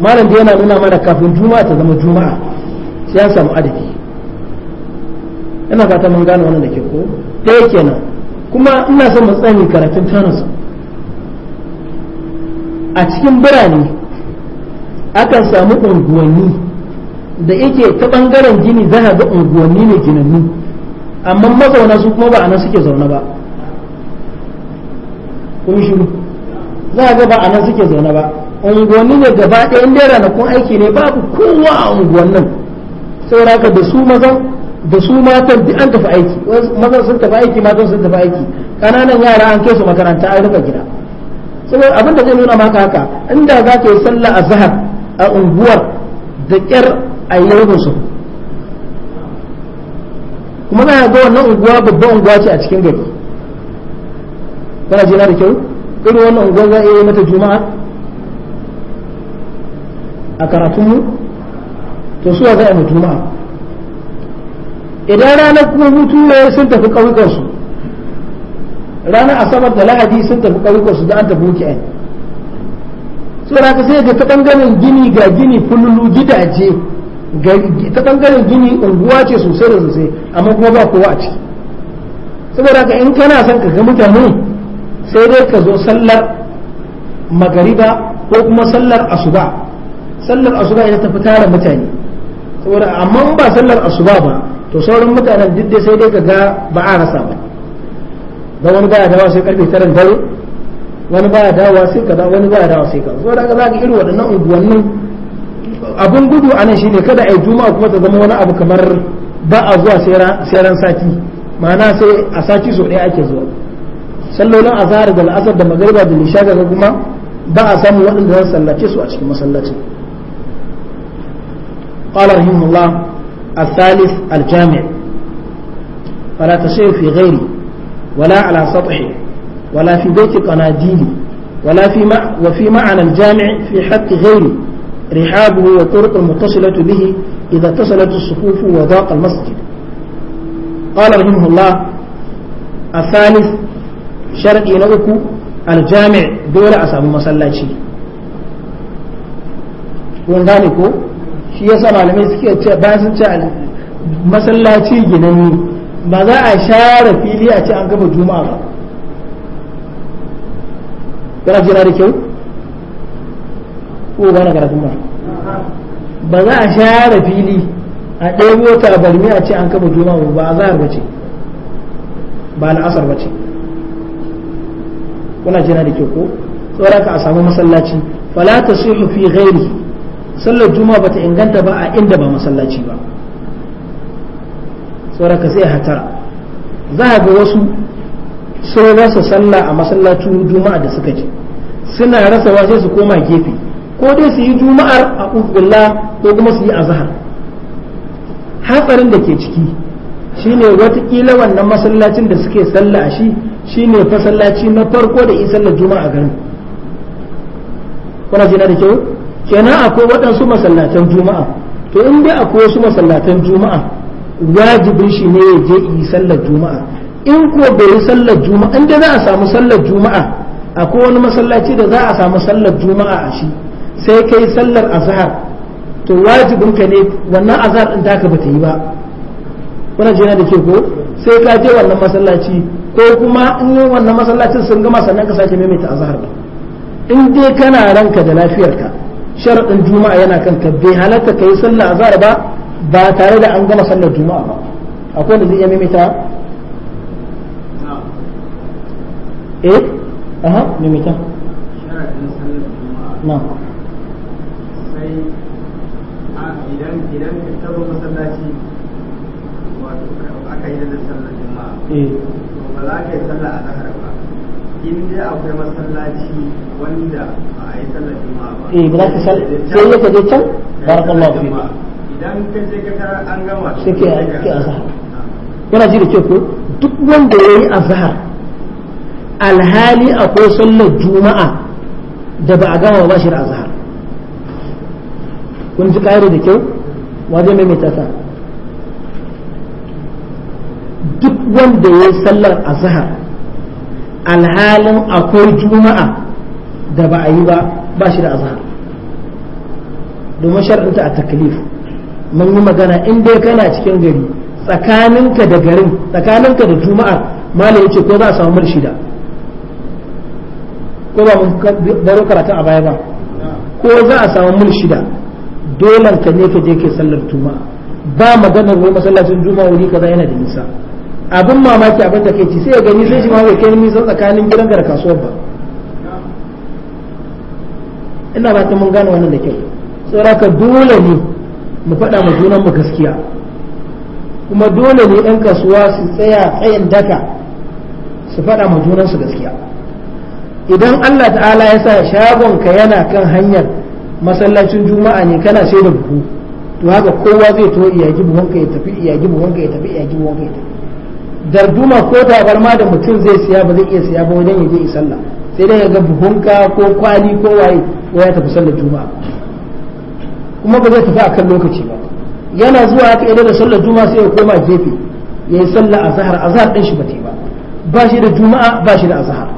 malam da yana nuna mana kafin juma'a ta zama juma'a sai an samu adadi ina fata mun gane wannan da ke ko ɗaya kenan kuma ina son mu tsani karatun tanus a cikin birane akan samu unguwanni da yake ta bangaren gini za ga unguwanni ne ginannu amma mazauna su kuma ba a nan suke zaune ba kun shiru za ga ba a nan suke zaune ba unguwanni ne gaba ɗaya na ranakun aiki ne babu kowa a unguwannin sai raka da su mazan da su matan duk an tafi aiki mazan sun tafi aiki matan sun tafi aiki kananan yara an kai su makaranta an rufe gida sai abin da zai nuna maka haka inda za ka yi sallah a zahar a unguwar da ƙyar a yi su kuma za a ga wannan unguwa babban unguwa ce a cikin gari kana jina da kyau irin wannan unguwa za a iya mata juma'a a karatun mu to su za a yi juma'a idan ranar kuma hutu ne sun tafi su ranar asabar da lahadi sun tafi su da an tafi wuki sai ka sai ga ta ɓangaren gini ga gini fululu gidaje ta ɓangaren gini unguwa ce sosai da sosai amma kuma ba kowa a ciki saboda ka in kana son ka ga mutane sai dai ka zo sallar magariba ko kuma sallar asuba sallar asuba ya tafi tara mutane saboda amma ba sallar asuba ba to sauran mutanen duk dai sai dai ka ga ba a rasa ba da wani baya dawa sai karfe tara dare wani baya dawa sai kaza wani baya dawa sai kaza saboda ka za ka irin waɗannan unguwannin abin gudu a nan shine kada a yi juma'a kuma ta zama wani abu kamar ba a zuwa sai sati ma'ana sai a sati so ɗaya ake zuwa sallolin azhar da al'asar da magariba da nisha ga kuma ba a samu waɗanda zan sallace su a cikin masallacin قال رحمه الله الثالث الجامع فلا تشيء في غيره ولا على سطحه ولا wala fi قناديله ولا في وفي معنى الجامع fi حق غيره رحابه والطرق المتصلة به إذا اتصلت الصفوف وضاق المسجد قال رحمه الله الثالث شرقي نوكو الجامع دولة أسامي مسلاتي kun gane ko shi yasa malamai suke ce bayan sun ce masallaci ginanni ba za a share fili a ce an gama juma'a ba kana jira da kyau ko ba na karatun ba ba za a share fili a ɗebo a barmi a ce an kama juma'a ba a zahar bace ba na asar bace kuna jina da ke ko tsoraka a samu masallaci fala ta sihu fi ghairi sallar juma'a bata inganta ba a inda ba masallaci ba tsoraka sai hatara za a ga wasu sun rasa sallah a masallacin juma'a da suka je suna rasawa sai su koma gefe ko dai su yi juma'ar a uzbillah ko kuma su yi azhar hatsarin da ke ciki shine watakila wannan masallacin da suke salla a shi shine fasallaci na farko da yi sallar juma'a garin kuna jina da kyau kenan akwai waɗansu masallatan juma'a to in dai akwai wasu masallatan juma'a wajibin shi ne ya je yi sallar juma'a in ko bai yi sallar juma'a in dai za a samu sallar juma'a akwai wani masallaci da za a samu sallar juma'a a shi sai kai sallar azhar to wajibin ka ne wannan azhar din taka bata yi ba kuna jina da ke ko sai ka je wannan masallaci ko kuma in yi wannan masallacin sun gama sannan ka sake maimaita azhar in dai kana ranka da lafiyarka sharaɗin juma'a yana ka bai halatta ka yi sallar azhar ba ba tare da an gama sallar juma'a ba akwai da zai iya maimaita eh aha maimaita sharaɗin sallar juma'a sai ka da sallar eh. za ka sallah a zahar ba akwai masallaci wanda ba a juma'a ba eh ba za ka idan ka je ka tara an gama sai ke ke yana ko duk wanda yayi azhar alhali akwai sallar juma'a da ba a gama ba shi da azhar kun ji ƙari da kyau wajen maimaita ta duk wanda ya yi sallar azhar alhalin akwai juma'a da ba a yi ba ba shi da azhar domin shar'inta a taklif mun yi magana in dai kana cikin gari tsakaninka da garin tsakaninka da juma'ar mala ya ce ko za a samu mil shida ko ba mun baro karatun a baya ba ko za a samu mil shida dolan ka ne ka je ke sallar juma'a ba maganar wai masallacin juma'a wuri kaza yana da nisa abin mamaki abin da kai ci sai ya gani sai shi ma bai kai nisa tsakanin gidan da kasuwar ba ina ba ta mun gane wannan da kyau saboda dole ne mu faɗa ma junan mu gaskiya kuma dole ne ɗan kasuwa su tsaya tsayin daka su faɗa ma junansu gaskiya idan Allah ta'ala ya sa ka yana kan hanyar masallacin juma'a ne kana sai da buhu to haka kowa zai to gibu wanka ya tafi gibu wanka ya tafi gibu wanka ya tafi darduma ko bar ma da mutum zai siya ba zai iya siya ba wajen ya je sallah sai dai ya ga buhunka ko kwali ko waye ko ya tafi sallar juma'a kuma ba zai tafi akan lokaci ba yana zuwa haka idan da sallar juma'a sai ya koma gefe ya yi sallar azhar azhar din shi ba ba shi da juma'a ba shi da azhar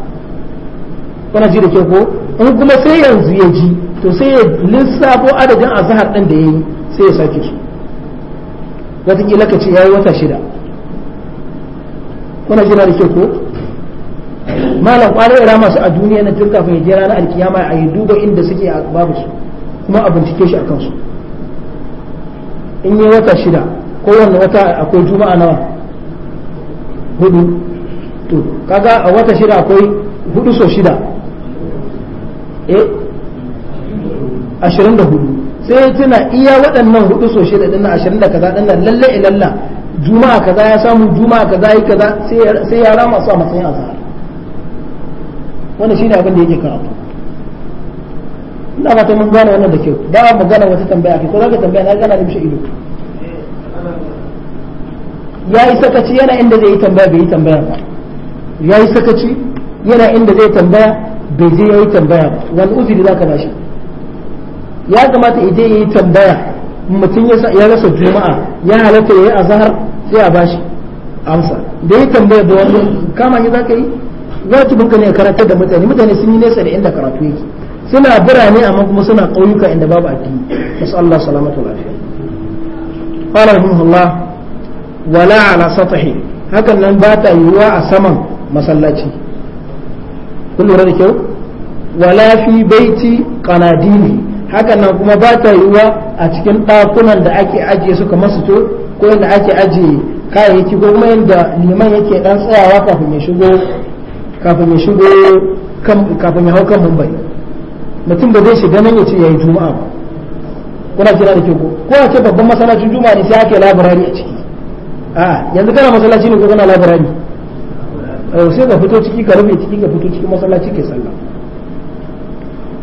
kana ji da kyau ko in kuma sai yanzu ya ji to sai ya lissafo adadin azhar din da yayi sai ya sake su wataƙila ka ce ya yi wata shida kuna jira da ke ko malam kwarar yara masu a duniya na tun kafin ya je alkiyama a yi duba inda suke a babu su kuma a bincike shi a kansu in yi wata shida kowanne wata akwai juma'a nawa hudu to kaga a wata shida akwai hudu so shida eh ashirin da hudu sai ya tuna iya waɗannan hudu so shida ɗin ashirin da kaza ɗin nan lalle ilalla juma'a kaza ya samu juma'a kaza yi kaza sai ya rama su a matsayin azhar wannan shine abin da yake karatu ina fata mun gane wannan da kyau da mu gane wata tambaya kai ko zaka tambaya na gana da mishi ido ya yi sakaci yana inda zai yi tambaya bai yi tambaya ba ya yi sakaci yana inda zai tambaya bai je ya yi tambaya ba wani uzuri za ka ba shi. ya kamata idan yi tambaya mutum ya rasa juma'a ya halatta ya yayi azhar sai a bashi amsa da ya tambaya da wani kama shi zaka yi wajibin ka ne karanta da mutane mutane sun yi nesa da inda karatu yake suna birane amma kuma suna ƙauyuka inda babu addini nasu Allah salamatu lafiya qala rahimahullah wala ala satahi hakan nan ba ta yiwuwa a saman masallaci kun lura da kyau wala fi baiti qanadini hakan nan kuma ba ta yiwuwa a cikin ɗakunan da ake ajiye su masu to ko inda ake ajiye kayayyaki ko kuma inda liman yake dan tsayawa kafin ya shigo kafin ya shigo kafin ya hau kan mumbai mutum ba zai shiga nan ya ce yayi juma'a ba kuna kira da kyau ko a ce babban masallacin juma'a ne sai ake labarari a ciki a yanzu kana masallaci ne ko kana labarari sai ka fito ciki ka rufe ciki ka fito ciki masallaci ke sallah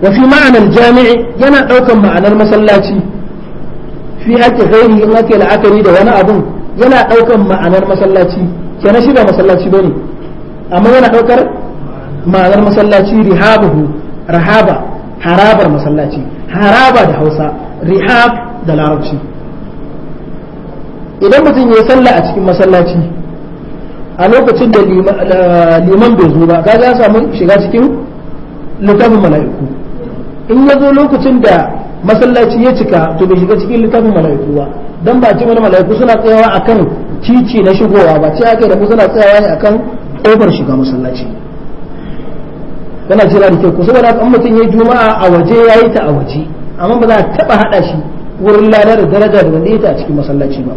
wa ma'anar jami'i yana ɗaukan ma'anar masallaci fi ake ghairi in ake la'akari da wani abun yana ɗaukan ma'anar masallaci kenan shi ba masallaci a amma ɗaukar ma'anar masallaci rihabahu rahaba harabar masallaci haraba da hausa rihab da larabci idan mutum ya sallah a cikin masallaci a lokacin da liman bai zo ba kaga ya samu shiga cikin littafin mala'iku in ya zo lokacin da masallaci ya cika to bai shiga cikin littafin mala'iku ba dan ba cikin mala'iku suna tsayawa akan cici na shigowa ba ce kai da ku suna tsayawa ne akan kofar shiga masallaci kana jira da kyau kusa da mutum ya juma'a a waje ya yi ta a waje amma ba za a taba hada shi wurin lada da daraja da wanda ya ta a cikin masallaci ba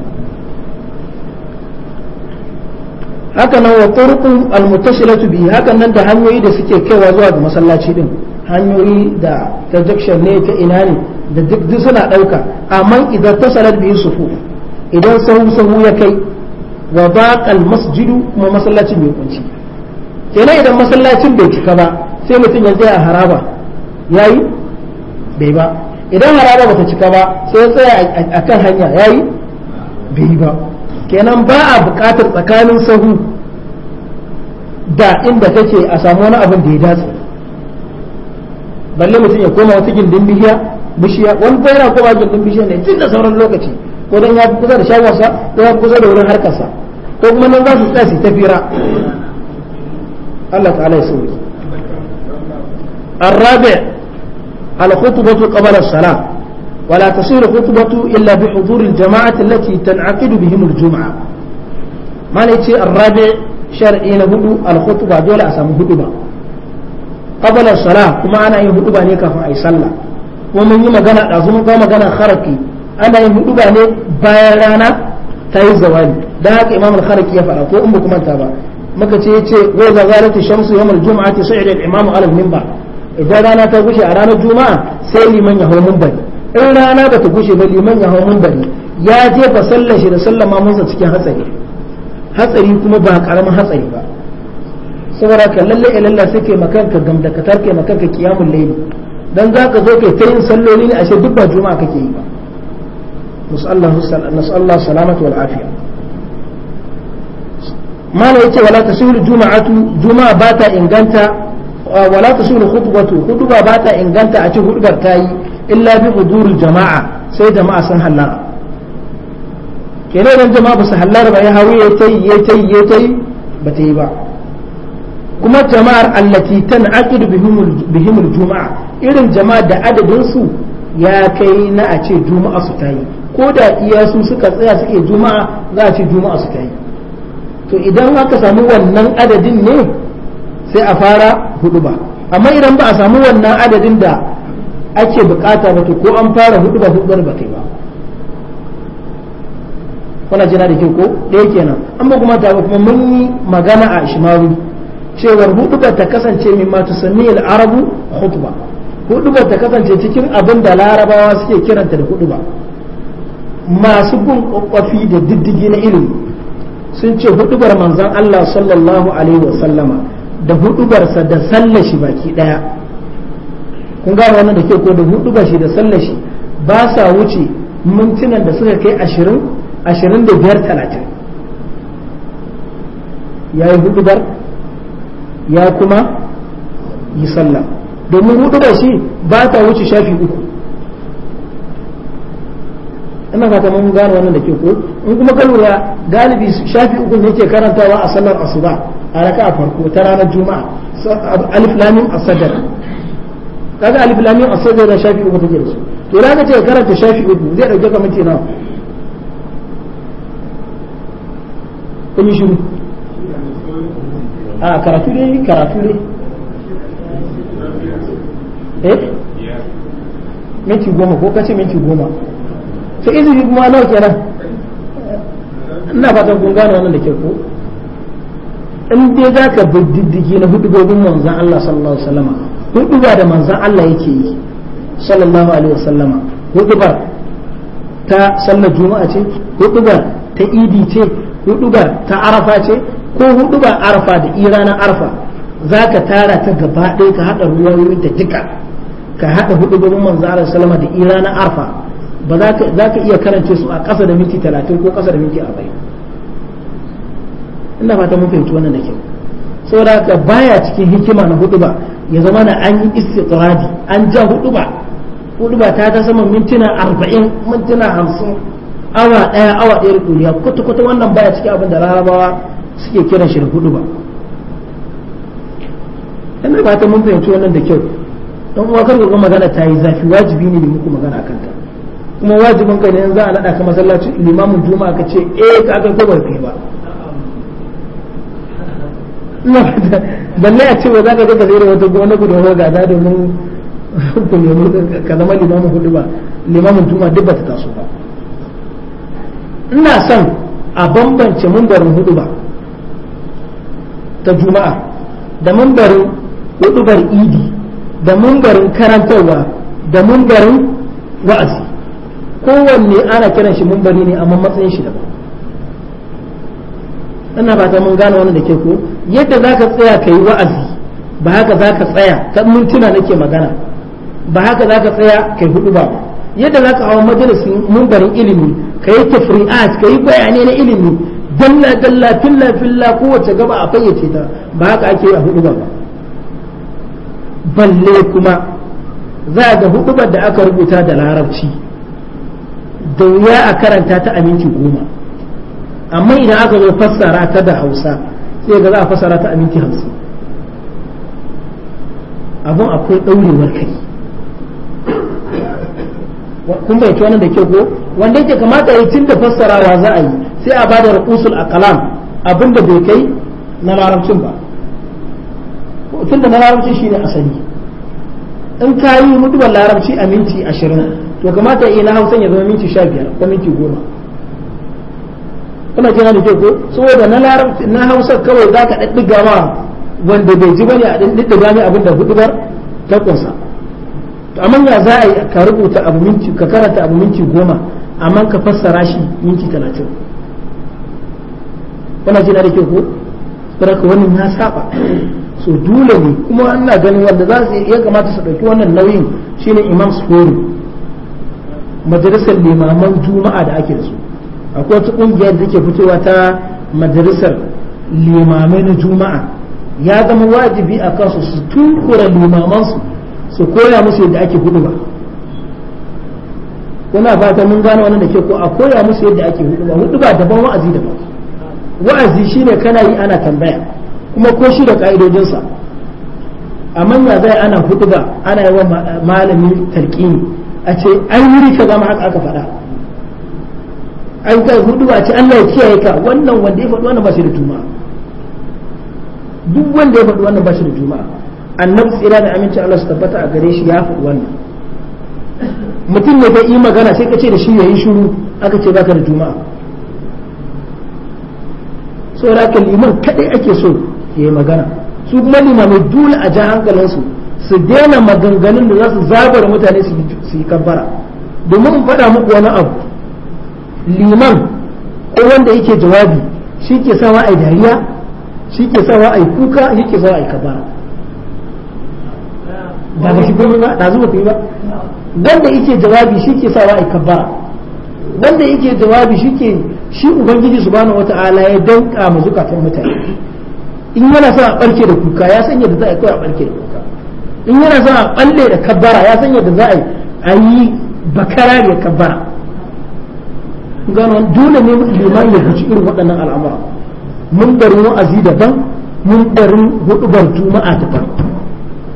haka nan wa turqu al-muttasilatu bi haka nan da hanyoyi da suke kaiwa zuwa ga masallaci din hanyoyi da projection ne ta ina ne da duk duk suna ɗauka amma idan ta salar biyu sufu idan sahu sahu ya kai wa baqal masjidu kuma masallacin bai kunci kenan idan masallacin bai cika ba sai mutum ya tsaya a haraba yayi bai ba idan haraba bata cika ba sai ya tsaya akan hanya yayi bai ba kenan ba a buƙatar tsakanin sahu da inda kake a samu wani abin da ya dace balle mutum ya koma wata gindin bishiya bishiya wani ko yana koma gindin bishiya ne tun da sauran lokaci ko dan ya kusa da shagonsa ko ya kusa da wurin harkarsa ko kuma nan za su tsaya su tafira Allah ta'ala ya sauri الرابع الخطبة قبل الصلاة ولا تصير خطبة إلا بحضور الجماعة التي تنعقد بهم الجمعة ما الرابع ba dole الخطبة samu أسامه ba. qabla salah kuma ana yin hudu ne kafin ayi sallah kuma mun yi magana da mun ga magana kharaki ana yin hudu ne bayan rana ta yi zawali da haka imamar al-kharaki ya fara ko in ba kuma ta ba muka ce yace wa idza zalat ash-shamsu yawm al-jum'ati sa'ida al-imamu ala al idan rana ta gushe a ranar juma'a sai liman ya hau minbari in rana ba ta gushe ba liman ya hau minbari ya jefa sallar shi da sallar mamunsa cikin hatsari hatsari kuma ba karamin hatsari ba saboda ka lalle ilalla sai kai makanka gamdakatar kai makanka kiyamul layli dan zaka zo kai ta yin salloli ne ashe duk ba juma'a kake yi ba musallahu nasallahu salamatu wal afiya mala yace wala tasulu juma'atu juma'a ba ta inganta wala tasulu khutbatu khutba ba ta inganta a ce hudbar tayi illa bi hudurul jama'a sai jama'a sun hallara kenan jama'a ba su hallara ba ya hawo ya tayi ya tayi ya tayi ba ta yi ba kuma jama'ar allati tan'aqid bihim al-juma'a irin jama'ar da adadin su ya kai na a ce juma'a su tayi ko da iya su suka tsaya suke juma'a za a ce juma'a su tayi to idan aka samu wannan adadin ne sai a fara huduba amma idan ba a samu wannan adadin da ake bukata ba to ko an fara huduba ba ba kai ba kuna jina da kyau ko ɗaya kenan amma kuma ta kuma mun yi magana a ishmaru cewar huduba ta kasance min ma tusammi al-arabu khutba huduba ta kasance cikin abin da larabawa suke kiranta da huduba masu gun kwakwafi da diddigi na ilimi sun ce hudubar manzon Allah sallallahu alaihi wa sallama da hudubarsa da sallashi baki daya kun gane wannan da ke ko da hudubar shi da sallashi ba sa wuce mintunan da suka kai ashirin ashirin da biyar talatin ya hudubar ya kuma yi sallah domin hudu da shi ba ta wuce shafi uku ina fata mun gane wannan da ke ko in kuma ka lura galibi shafi uku ne ke karantawa a sallar asuba a raka a farko ta ranar juma'a alif lamin asadar kaga alif lamin asadar na shafi uku take da su to da ka ce karanta shafi uku zai dauke ka minti nawa kun yi shiru a ah, karatu ne karatu ne eh minti goma ko kace minti goma to izini kuma nawa kenan ina fatan kun gane wannan da ke ko in dai za ka bi diddigi na hudubobin manzan Allah sallallahu alaihi wasallama huduba da manzan Allah yake yi sallallahu alaihi wasallama hudubar ta sallar juma'a ce hudubar ta idi ce hudubar ta arafa ce ko hudu ba arfa da na arfa za ka tara ta gaba ɗaya ka haɗa yi ta duka ka haɗa hudu gaban manzo Allah sallama da na arfa ba za ka iya karance su a ƙasa da minti talatin ko ƙasa da minti arba'in ina fata mun fahimci wannan da kyau saboda haka baya cikin hikima na hudu ba ya zama na an yi istitradi an ja hudu ba hudu ba ta ta sama mintuna arba'in mintuna hamsin awa ɗaya awa ɗaya da duniya kwata-kwata wannan baya cikin abin da larabawa suke kiran shi da hudu ba ina ba ta mun fahimci wannan da kyau dan uwa kar ga magana ta yi zafi wajibi ne da muku magana akan ta kuma wajibin ka ne yanzu a naɗa ka masallaci limamin juma'a ka ce eh ka ga ko ba kai ba balle a ce ba za ka ga da wata wani gudunwa gada domin ku nemi ka zama limamin hudu ba limamin juma'a duk ba ta taso ba ina son a bambance mun barin hudu ba ta juma'a da mambarin hudubar idi da mambarin karantarwa da mambarin wa'azi kowanne ana kiran shi mambari ne amma matsayin shi daban ina ba ta mun gane wannan da ke ko yadda za ka tsaya ka yi wa'azi ba haka za ka tsaya ta mintuna nake magana ba haka za ka tsaya ka yi hudu ba yadda za ka hawa majalisin mumbarin ilimi ka yi tafri'at ka yi bayani na ilimi dalla dalla filla filla kowace gaba a fayyace ta ba haka ake a hudu ba balle kuma za ga hudubar da aka rubuta da larabci da wuya a karanta ta a goma amma idan aka zo fassara ta da hausa sai ga za a fassara ta a hamsin abun akwai ɗaurewar kai kun bai wannan da ke ko wanda yake kamata ya tun da fassarawa za a yi sai a bada rukusul akalam abinda bai kai na larabcin ba tun da na larabci shine asali in ka yi mutuwar larabci a minti ashirin to kamata iya na hausan ya zama minti sha biyar ko minti goma kuna jina da ke ko saboda na larabci na hausa kawai za ka ɗaɗɗiga ma wanda bai ji bane a ɗaɗɗiga ne abin da hudubar ta ƙunsa to amma ya za a yi ka rubuta abu minti ka karanta abu minti goma amma ka fassara shi minti talatin kuna jina da ke ko ka wannan ya saba so dole ne kuma na ganin wanda za su iya kamata su ɗauki wannan nauyin shine imam sufuri majalisar limaman juma'a da ake da su akwai wata kungiyar da ke fitowa ta majalisar limamai na juma'a ya zama wajibi a kansu su tunkura limamansu su koya musu yadda ake hudu ba kuna fata mun gane wannan da ke ko a koya musu yadda ake hudu ba hudu ba daban wa'azi daban wa'azi shine kana yi ana tambaya kuma ko shi da ka'idodinsa a manya zai ana hutuba ana yi wa malami talƙini a ce an yi ka zama haka aka faɗa an kai ba ce Allah ya kiyaye ka wannan wanda ya faɗi wannan ba shi da tuma duk wanda ya faɗi wannan ba shi da tuma annabi tsira da aminci Allah su tabbata a gare shi ya faɗi wannan mutum ne bai yi magana sai ka ce da shi ya yi shiru aka ce ba ka da juma'a tsoraka liman kadai ake so yayi magana su kuma limamai dole a ji hankalinsu su daina maganganun da za su zabar mutane su yi kabbara domin in faɗa muku wani abu liman ko wanda yake jawabi shi ke sawa a dariya shi ke sawa a kuka shi ke sawa a kabbara ba ga shi kuma ba da zuwa ba wanda yake jawabi shi ke sawa a kabbara wanda yake jawabi shike shi ubangiji subhanahu wata'ala ya danka mu zukatan mutane in yana sa a barke da kuka ya sanya da za a kawai a barke da kuka in yana sa a balle da kabbara ya sanya da za a yi bakara da kabbara gano dole ne liman ya guji irin waɗannan al'amura mun bari wa'azi daban mun bari hudubar juma'a daban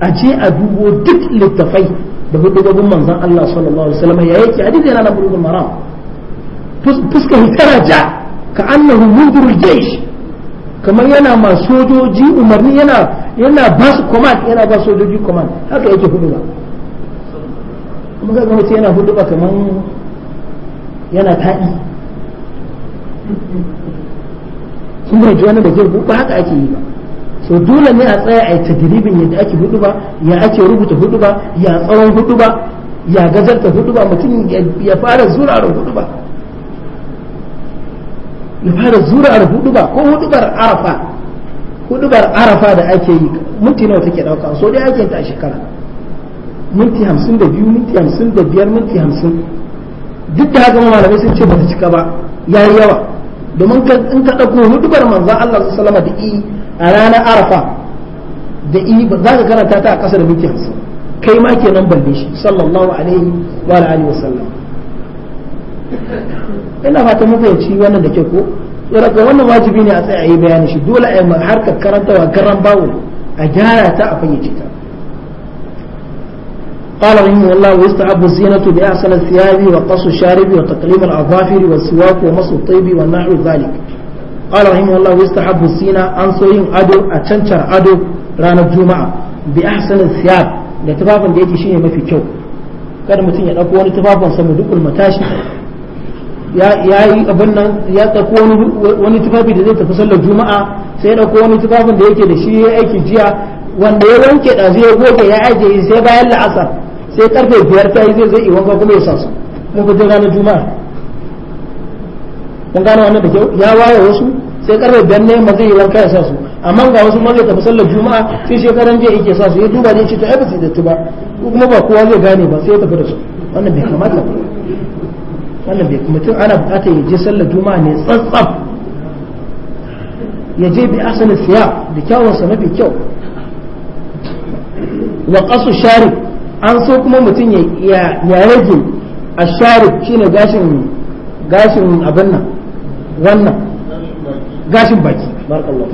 a ce a dubo duk littafai da hudubobin manzon Allah sallallahu alaihi wasallam ya yake hadisi yana na bulugul maram fuskar tana ja ka annahu mundurul jaysh kamar yana ma sojoji umarni yana yana ba su command yana ba sojoji command haka yake hudu ba kuma ga mutum yana hudu ba kamar yana taɗi kun bai wani da zai ba haka ake yi ba so dole ne a tsaya a yi yadda ake hudu ba ya ake rubuta hudu ba ya tsawon hudu ba ya gazarta hudu ba mutum ya fara zuraren hudu ba ya fara zurar hudubar ko hudubar arafa hudubar arafa da ake yi minti nawa take dauka so dai ake ta a shekara minti hamsin da biyu minti hamsin da biyar minti hamsin duk da haka malamai sun ce ba ta cika ba ya yi yawa domin in ka ɗauko hudubar manzan Allah su salama da i a ranar arafa da i ba za ka karanta ta a ƙasa da minti hamsin kai ma kenan balle shi sallallahu alaihi wa alihi wa sallam ina fata mun fahimci wannan da ke ko saboda wannan wajibi ne a tsaye a yi bayani shi dole a yi harkar karantawa karan bawo a gyara ta a fayyace ta قال رحمه الله ويستحب الزينة بأحسن الثياب وقص الشارب وتقليم الأظافر والسواك ومس الطيب ونحو ذلك قال رحمه الله ويستحب الزينة أن صين أدو أتنشر أدو رانا الجمعة بأحسن الثياب لتفافا ديتي شيء ما في كو كان متين سمدوك المتاشي ya yi abin nan ya tsako wani tufafi da zai tafi sallar juma'a sai da wani tufafin da yake da shi ya aiki jiya wanda ya wanke da zai goge ya ajiye sai bayan la'asar sai karfe biyar ta yi zai zai wanka kuma ya sasu mun fi ranar juma'a kun gane wannan da kyau ya waye wasu sai karfe biyar ne ma zai yi wanka ya sasu amma ga wasu ma zai tafi sallar juma'a sai shekaran jiya yake sasu ya duba ne ce ta ai ba su da ba kuma ba kowa zai gane ba sai ya tafi da su wannan bai kamata ba wannan bai mutum ana bukatar ya je sallar juma'a ne tsantsam ya je bi asali siya da kyawun sa mafi kyau wa qasu sharif an so kuma mutum ya ya rage a sharif shine gashin gashin abin nan wannan gashin baki barakallahu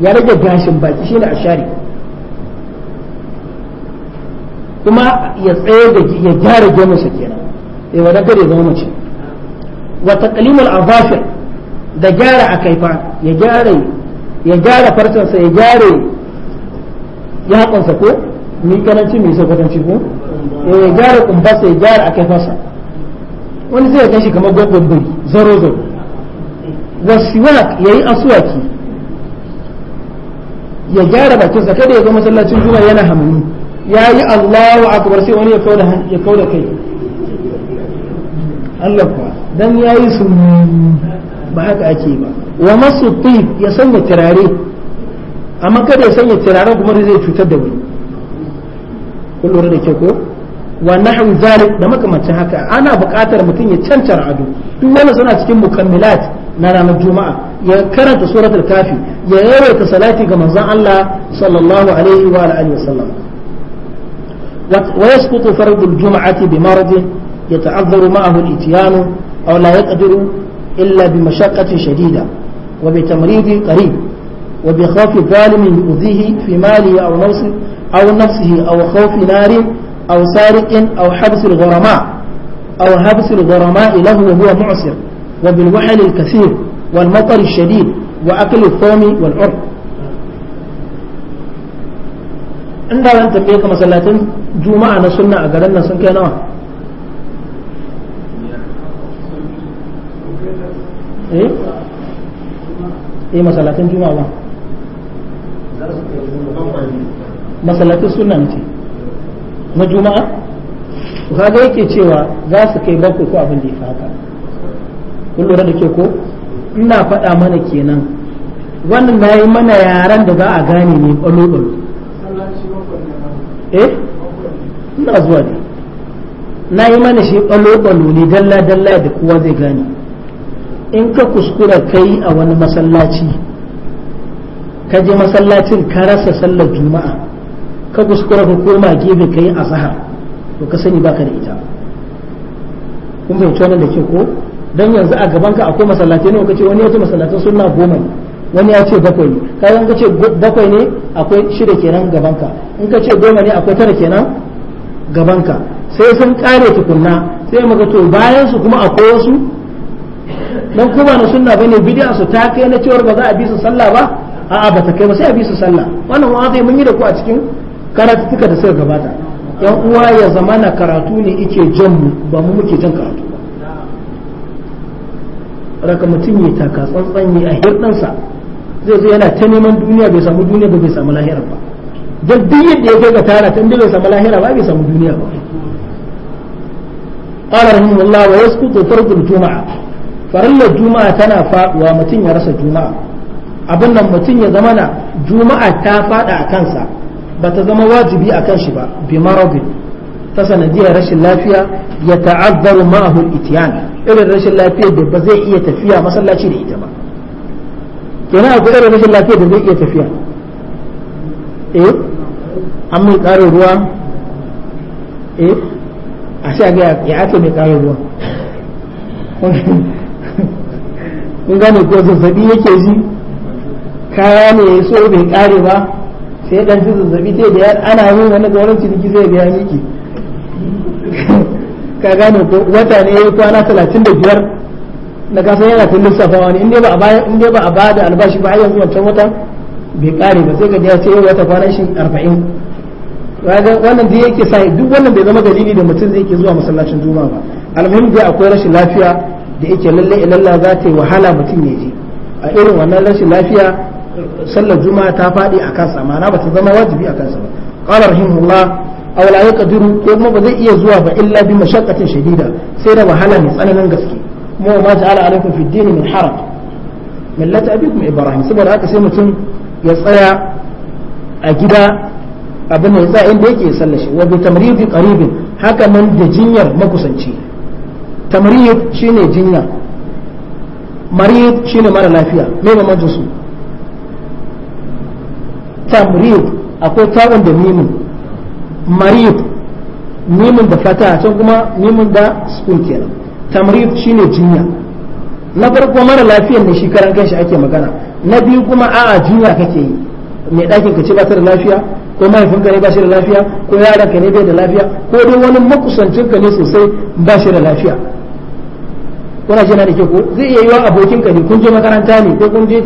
ya rage gashin baki shine a sharif kuma ya tsaye da ya gyara gemunsa kenan eh wadan kada ya zama mace wa taqlimul azafir da gyara a kaifa ya gyara ya gyara farcensa ya gyara yakonsa ko ni karanci mai sakwatanci ko eh, ya gyara kumbasa ya gyara a akaifarsa wani zai gashi kamar gwagwan buri zaro zaro wasiwak ya yi asuwaki ya gyara bakinsa kada ya zo masallacin juma yana hamani ya yi allahu akbar sai wani ya kauda kai Allah kuwa dan yayi su ba haka ake ba wa masu tib ya sanya turare amma kada ya sanya turare kuma zai cutar da wani kun da ke ko wa nahwu zalik da makamancin haka ana buƙatar mutum ya cancar ado duk wanda suna cikin mukammilat na ranar juma'a ya karanta suratul kafi ya yawaita salati ga manzon Allah sallallahu alaihi wa alihi wa sallam wa yasqutu fardul juma'ati bi maradi يتعذر معه الإتيان أو لا يقدر إلا بمشقة شديدة وبتمريض قريب وبخوف ظالم يؤذيه في ماله أو نفسه أو نفسه أو خوف نار أو سارق أو حبس الغرماء أو حبس الغرماء له وهو معسر وبالوحل الكثير والمطر الشديد وأكل الثوم والعرق عندما أنت tambaye ka جمعة سنة na sunna eh eh masallatan juma'a ba masallatan sunna ne na juma'a kaga yake cewa za su kai bakwai ko abin da ya haka kun lura da ke ko ina faɗa mana kenan wannan na yi mana yaran da za a gane ne ɓalo-ɓalo eh ina zuwa ne na yi mana shi ɓalo-ɓalo ne dalla-dalla da kowa zai gane in ka kuskura kai a wani masallaci ka je masallacin ka rasa sallar juma'a ka kuskura ka koma gefe kai a zahar to ka sani baka da ita kun bai wannan da ke ko don yanzu a gaban ka akwai masallaci ne kace wani ya ce masallatin sunna goma ne wani ya ce bakwai ne kai ka kace bakwai ne akwai shida kenan gaban ka in kace goma ne akwai tara kenan gaban ka sai sun kare tukunna sai muka to bayan su kuma akwai wasu dan ko ba na sunna bane bid'a su ta kai na cewar ba za a bi su sallah ba a'a ba ta kai ba sai a bi su sallah wannan wa zai mun yi da ku a cikin karatuka da suka gabata yan uwa ya zamana karatu ne yake jan mu ba mu muke jan karatu ba raka mutum ya taka tsantsan ya hirdansa zai zo yana ta neman duniya bai samu duniya ba bai samu lahira ba da duk yadda ya kai ga tara tun bai samu lahira ba bai samu duniya ba قال رحمه الله ويسقط فرض الجمعة farillar juma'a tana faduwa mutum ya rasa juma'a abin nan mutum ya zama na juma'a ta fada a kansa ba ta zama wajibi a kan shi ba bi maradin ta sanadiyar rashin lafiya ya ta'azzaru ma'ahu itiyan irin rashin lafiya da ba zai iya tafiya masallaci da ita ba kenan akwai irin rashin lafiya da zai iya tafiya eh an mai karin ruwa eh a sha ga ya ake mai karin ruwa kun gane ko zazzabi yake ji kaya ne ya so bai kare ba sai dan ji zazzabi sai da ana yin wani gauran ciniki zai biya miki ka gane ko wata ne ya kwana talatin da biyar na kasan yana ta lissafawa ne in dai ba a ba da albashi ba yanzu wancan wata bai kare ba sai ka ji ya ce wata kwanan shi arba'in. wannan da yake sa duk wannan bai zama dalili da mutum zai ke zuwa masallacin juma'a ba alhamdulillah akwai rashin lafiya da yake lalle ilalla za ta yi wahala mutum ya ji a irin wannan rashin lafiya sallar juma'a ta faɗi a kansa ma'ana ba ta zama wajibi a kansa ba qala rahimullah aw la yaqdiru ko kuma ba zai iya zuwa ba illa bi mashaqqatin shadida sai da wahala mai tsananin gaske kuma ma ja'ala alaikum fi dini min haraj millata abikum ibrahim saboda haka sai mutum ya tsaya a gida abin da ya tsaya inda yake sallar shi wa bi tamridi qaribin haka nan da jinyar makusanci tamrid shine jinya marid shine mara lafiya me bambancin su tamrid akwai tawon da mimin marid mimin da fata can kuma mimin da sukun kenan tamrid shine jinya na farko mara lafiyan da shi karan kanshi ake magana na biyu kuma a'a jinya kake yi mai ɗakin ka ce ba ta da lafiya ko ka ne ba shi da lafiya ko yaran ka ne bai da lafiya ko dai wani makusancin ka ne sosai ba shi da lafiya kuna ji da ke ko zai iya wa abokin ka ne kun je makaranta ne ko kun je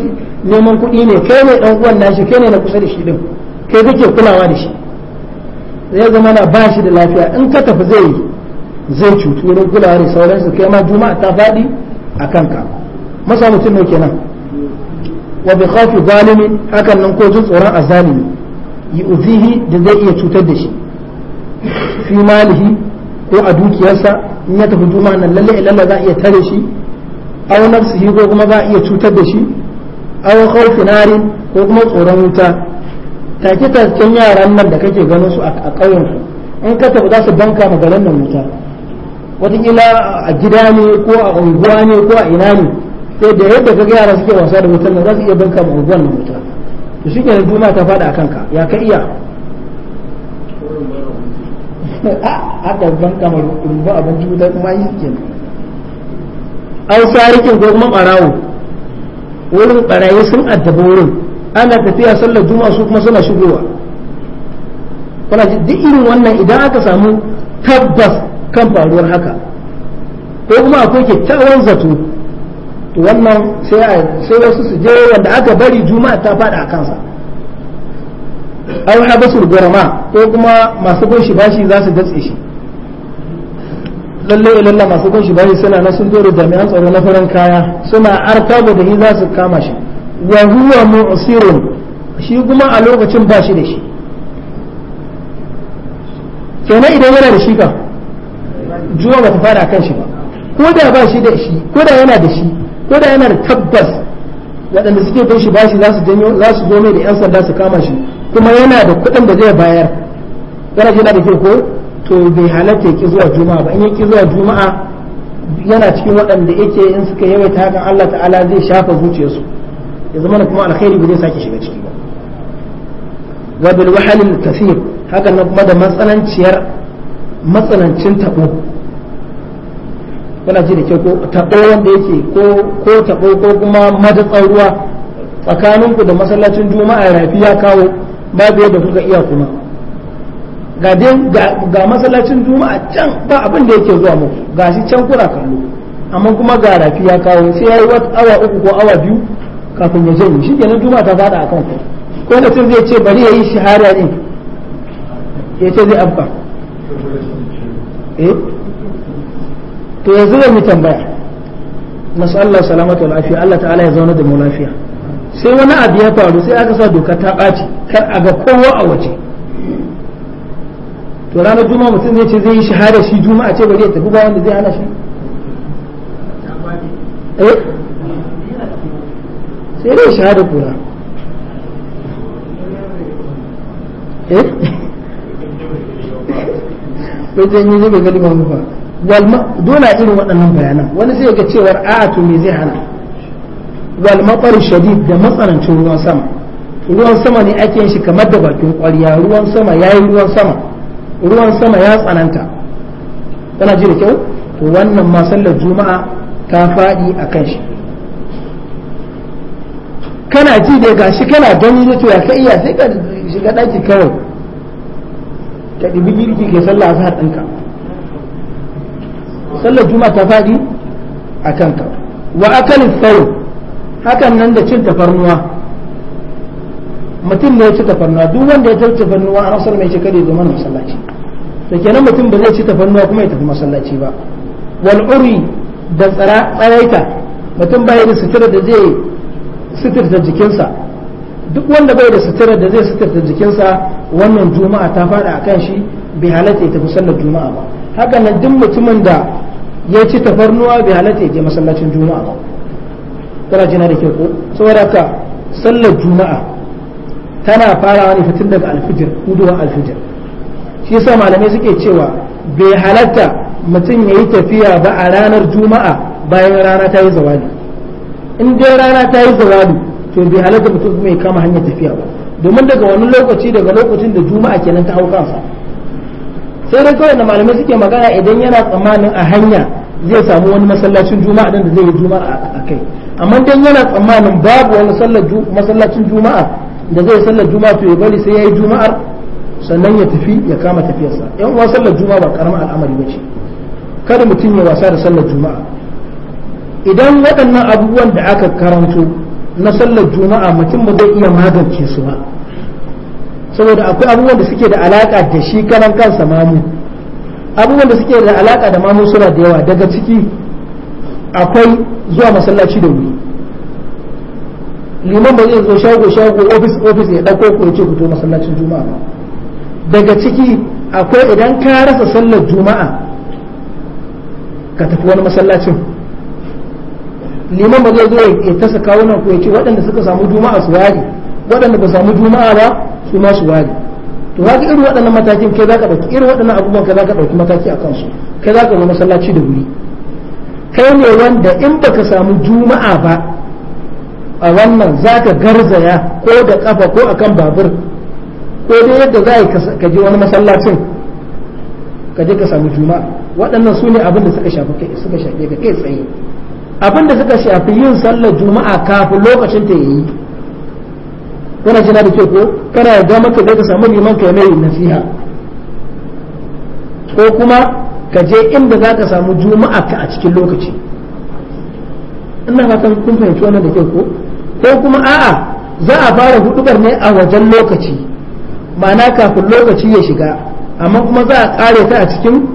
neman kuɗi ne kai ne dan uwan nashi kai ne na kusa da shi din kai kake kulawa da shi zai zama na ba shi da lafiya in ka tafi zai zai cutu wurin kulawa da sauransu kai ma juma'a ta faɗi a kanka masa mutum ne kenan wa bi khawfi zalimi hakan nan ko jin tsoron yi yu'zihi da zai iya cutar da shi fi malihi ko a dukiyarsa in ya tafi juma'a nan lalle ilalla za a iya tare shi aw nafsihi ko kuma za a iya cutar da shi aw khawfi nari ko kuma tsoron wuta take taken yaran nan da kake ganin su a ƙauyen su in ka tafi za su banka ma garin nan wuta wataƙila a gida ne ko a unguwa ne ko a ina ne sai eh, da yadda kaga yara suke wasa da wutar nan za su iya banka ma guguwan nan wuta to shi kenan duma ta fada a kanka ya ka iya [LAUGHS] a ban kamar ma rumbu abinci wuta kuma yi kenan an sarikin ko kuma barawo wurin barayi sun addaba wurin ana tafiya sallar juma'a su kuma suna shigowa kuna duk irin wannan idan aka samu tabbas kan faruwar haka ko kuma akwai kyakkyawan zato to wannan sai wasu su je wanda aka bari juma'a ta fada a kansa an su gurama ko kuma masu bin shi bashi za su datse shi lalle lalle masu bin shi bashi suna na sun dore jami'an tsaro na farin kaya suna artaba da shi za su kama shi wa huwa mu'sirun shi kuma a lokacin ba shi da shi kenan idan yana da shi ka juma'a ba ta fada kan shi ba ko da ba shi da shi ko da yana da shi ko da yana da tabbas waɗanda suke bin shi bashi za su janyo za su zo mai da yan sanda su kama shi kuma yana da kuɗin da zai bayar yana jina da ke ko to bai halatta ki zuwa juma'a ba in ya zuwa juma'a yana cikin waɗanda yake in suka yawaita hakan Allah ta'ala zai shafa zuciyarsu ya zama kuma alkhairi ba zai sake shiga ciki ba wa bil wahalil kathir hakan nan kuma da matsananciyar matsanancin tabo kuna ji da ke ko taɓo wanda yake ko ko ko kuma madatsar ruwa tsakaninku da masallacin juma'a rafi ya kawo babu yadda kuka iya kuma ga ga masallacin juma'a can ba abin da yake zuwa muku ga shi can kura kallo amma kuma ga rafi ya kawo sai yi wata awa uku ko awa biyu kafin ya janye shi kenan juma'a ta fada kan ku ko sun zai ce bari ya yi shahara ne ya ce zai afka. eh to yanzu zan yi tambaya nasu Allah salamata wa lafiya Allah ta'ala ya zauna da mu lafiya sai wani abu ya faru sai aka sa doka ta ɓaci kar a ga kowa a waje to ranar juma mutum zai ce zai yi shahada shi juma a ce bari ya tafi bayan da zai hana shi eh? sai dai shahada kura eh [LAUGHS] bai zan yi zai gani ba mu ba duna irin waɗannan bayanan wani zai ga cewar a'a to me zai hana wal matar shadid da matsanancin ruwan sama ruwan sama ne ake yin shi kamar da bakin ƙwarya ruwan sama yayi ruwan sama ruwan sama ya tsananta kana ji da kyau to wannan ma sallar juma'a ta faɗi a kan shi kana ji da shi kana gani da to ka iya sai ka shiga ɗaki kawai ka ɗibi girki ke sallah azhar ɗinka sallar juma'a ta faɗi a kanka wa akalin sauro hakan nan da cin tafarnuwa mutum ne ya ci tafarnuwa duk wanda ya ci tafarnuwa a rasar mai shekaru zama na masallaci da kenan mutum ba zai ci tafarnuwa kuma ya tafi masallaci ba wal wal'uri da tsara tsaraita mutum bai da sutura da zai suturta jikinsa duk wanda bai da sutura da zai suturta jikinsa wannan juma'a ta faɗa a kan shi bai halatta ya tafi sallar juma'a ba haka nan duk mutumin da ya ci tafarnuwa bai halatta ya je masallacin juma'a ba kana jina da ke ko saboda ka sallar juma'a tana farawa ne fitin daga alfijir huduwa alfijir shi yasa malamai suke cewa bai halatta mutum ya yi tafiya ba a ranar juma'a bayan rana ta yi zawali in dai rana ta yi zawali to bai halatta mutum mai kama hanyar tafiya ba domin daga wani lokaci daga lokacin da juma'a kenan ta hau kansa sai dai kawai da malamai suke magana idan yana tsammanin a hanya zai samu wani masallacin juma'a dan da zai yi juma'a a kai amma dan yana tsammanin babu wani masallacin juma'a da zai sallar juma'a to ya bari sai yayi juma'ar sannan ya tafi ya kama tafiyarsa yan uwa sallar juma'a ba karamar al'amari ba ce kada mutum ya wasa da sallar juma'a idan waɗannan abubuwan da aka karanto na sallar juma'a mutum ba zai iya magance su ba saboda akwai abubuwan da suke da alaka da shi karan kansa mamu abubuwan da suke da alaka da mamu suna da yawa daga ciki akwai zuwa masallaci da wuri liman ba zai zo shago shago ofis ofis ya dauko ko ce fito masallacin juma'a ba daga ciki akwai idan ka rasa sallar juma'a ka tafi wani masallacin liman ba zai zo ya tasa kawunan ko ya ce waɗanda suka samu juma'a su ware waɗanda ba samu juma'a ba su ma su ware to haka irin waɗannan matakin kai zaka ɗauki irin waɗannan abubuwan kai zaka ɗauki mataki a kansu kai zaka zama masallaci da wuri kai ne wanda in baka samu juma'a ba a wannan zaka garzaya ko da kafa ko akan babur ko dai yadda za ka je wani masallacin ka je ka samu juma'a waɗannan su ne abin da suka shafi suka shafe ka kai tsaye abin da suka shafi yin sallar juma'a kafin lokacin ta yayi kana jina da kyau ko kana yarda maka da ka samu liman ka mai nasiha ko kuma ka je inda za ka samu juma'a ka a cikin lokaci ina fatan kun fahimci wannan da kyau ko ko kuma a'a za a fara hudubar ne a wajen lokaci ma'ana kafin lokaci ya shiga amma kuma za a kare ta a cikin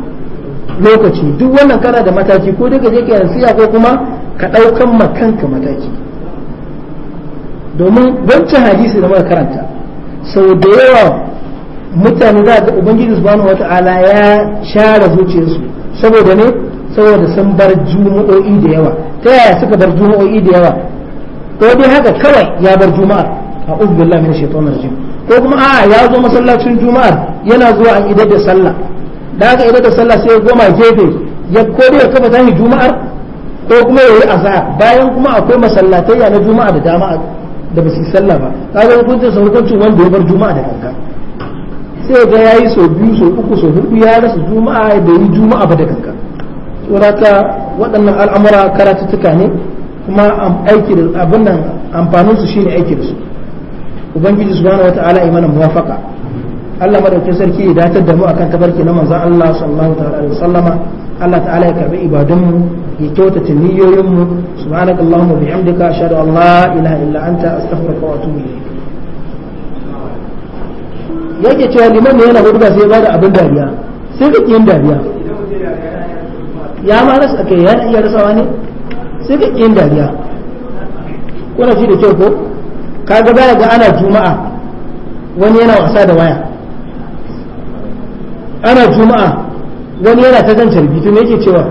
lokaci duk wannan kana da mataki ko daga je ka nasiha ko kuma ka ɗaukan makanka mataki domin wancan hadisi da muka karanta sau da yawa mutane za ga ubangiji subhanahu wata'ala ya share zuciyarsu saboda ne saboda sun bar juma'o'i da yawa ta yaya suka bar juma'o'i da yawa ko dai haka kawai ya bar juma'ar a ubillah min shaitan rajim ko kuma a'a ya zo masallacin juma'ar yana zuwa an idar da sallah da haka idar da sallah sai ya goma gefe ya ko dai ya kafa tashi juma'ar ko kuma ya yi azhar bayan kuma akwai masallatai na juma'a da dama da ba su yi sallah ba ga hukuncin sa hukuncin wanda ya bar juma'a da kanka sai ga yayi so biyu so uku so hudu ya rasa juma'a da yi juma'a ba da kanka saboda waɗannan al'amura karatuttuka ne kuma aiki da abin nan amfanin su shine aiki da su ubangiji subhanahu wataala imana muwafaka Allah madaukakin sarki ya datar da mu akan tabarki na manzon Allah sallallahu ta'ala alaihi wasallama Allah ta'ala ya karbi ibadunmu ya kyautata niyoyinmu subhanak allahumma bihamdika ashhadu an la ilaha illa anta astaghfiruka wa atubu ilayk yake cewa liman ne yana hudu sai ba da abin dariya sai ka kiyin dariya ya ma rasa kai ya iya rasawa ne sai ka kiyin dariya kuna shi da kyau ko kaga baya ga ana juma'a wani yana wasa da waya ana juma'a wani yana ta zancar bitu ne me yake cewa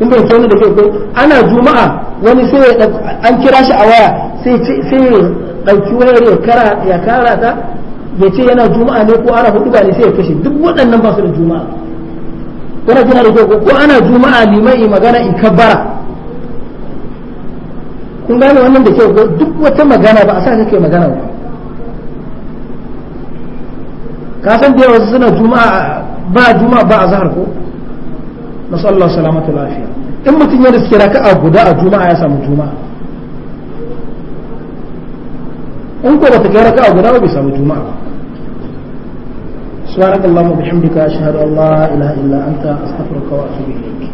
kun bai tsoni da ke ko ana juma'a wani sai an kira shi a waya sai sai ɗauki wayar ya kara ya kara ta ya ce yana juma'a ne ko ana hudu ba ne sai ya kashe duk waɗannan ba su da juma'a kuna na da ko ko ana juma'a limai magana in kabbara kun gane wannan da kyau duk wata magana ba a sa kake magana ba ka san da yawa suna juma'a ba juma'a ba a zahar ko na sallar salamatu lafiya in mutum ya riske raka'a guda a juma'a ya samu juma'a in ko bata kai raka'a guda bai samu juma'a سبحانك اللهم وبحمدك أشهد أن لا إله إلا أنت أستغفرك وأتوب إليك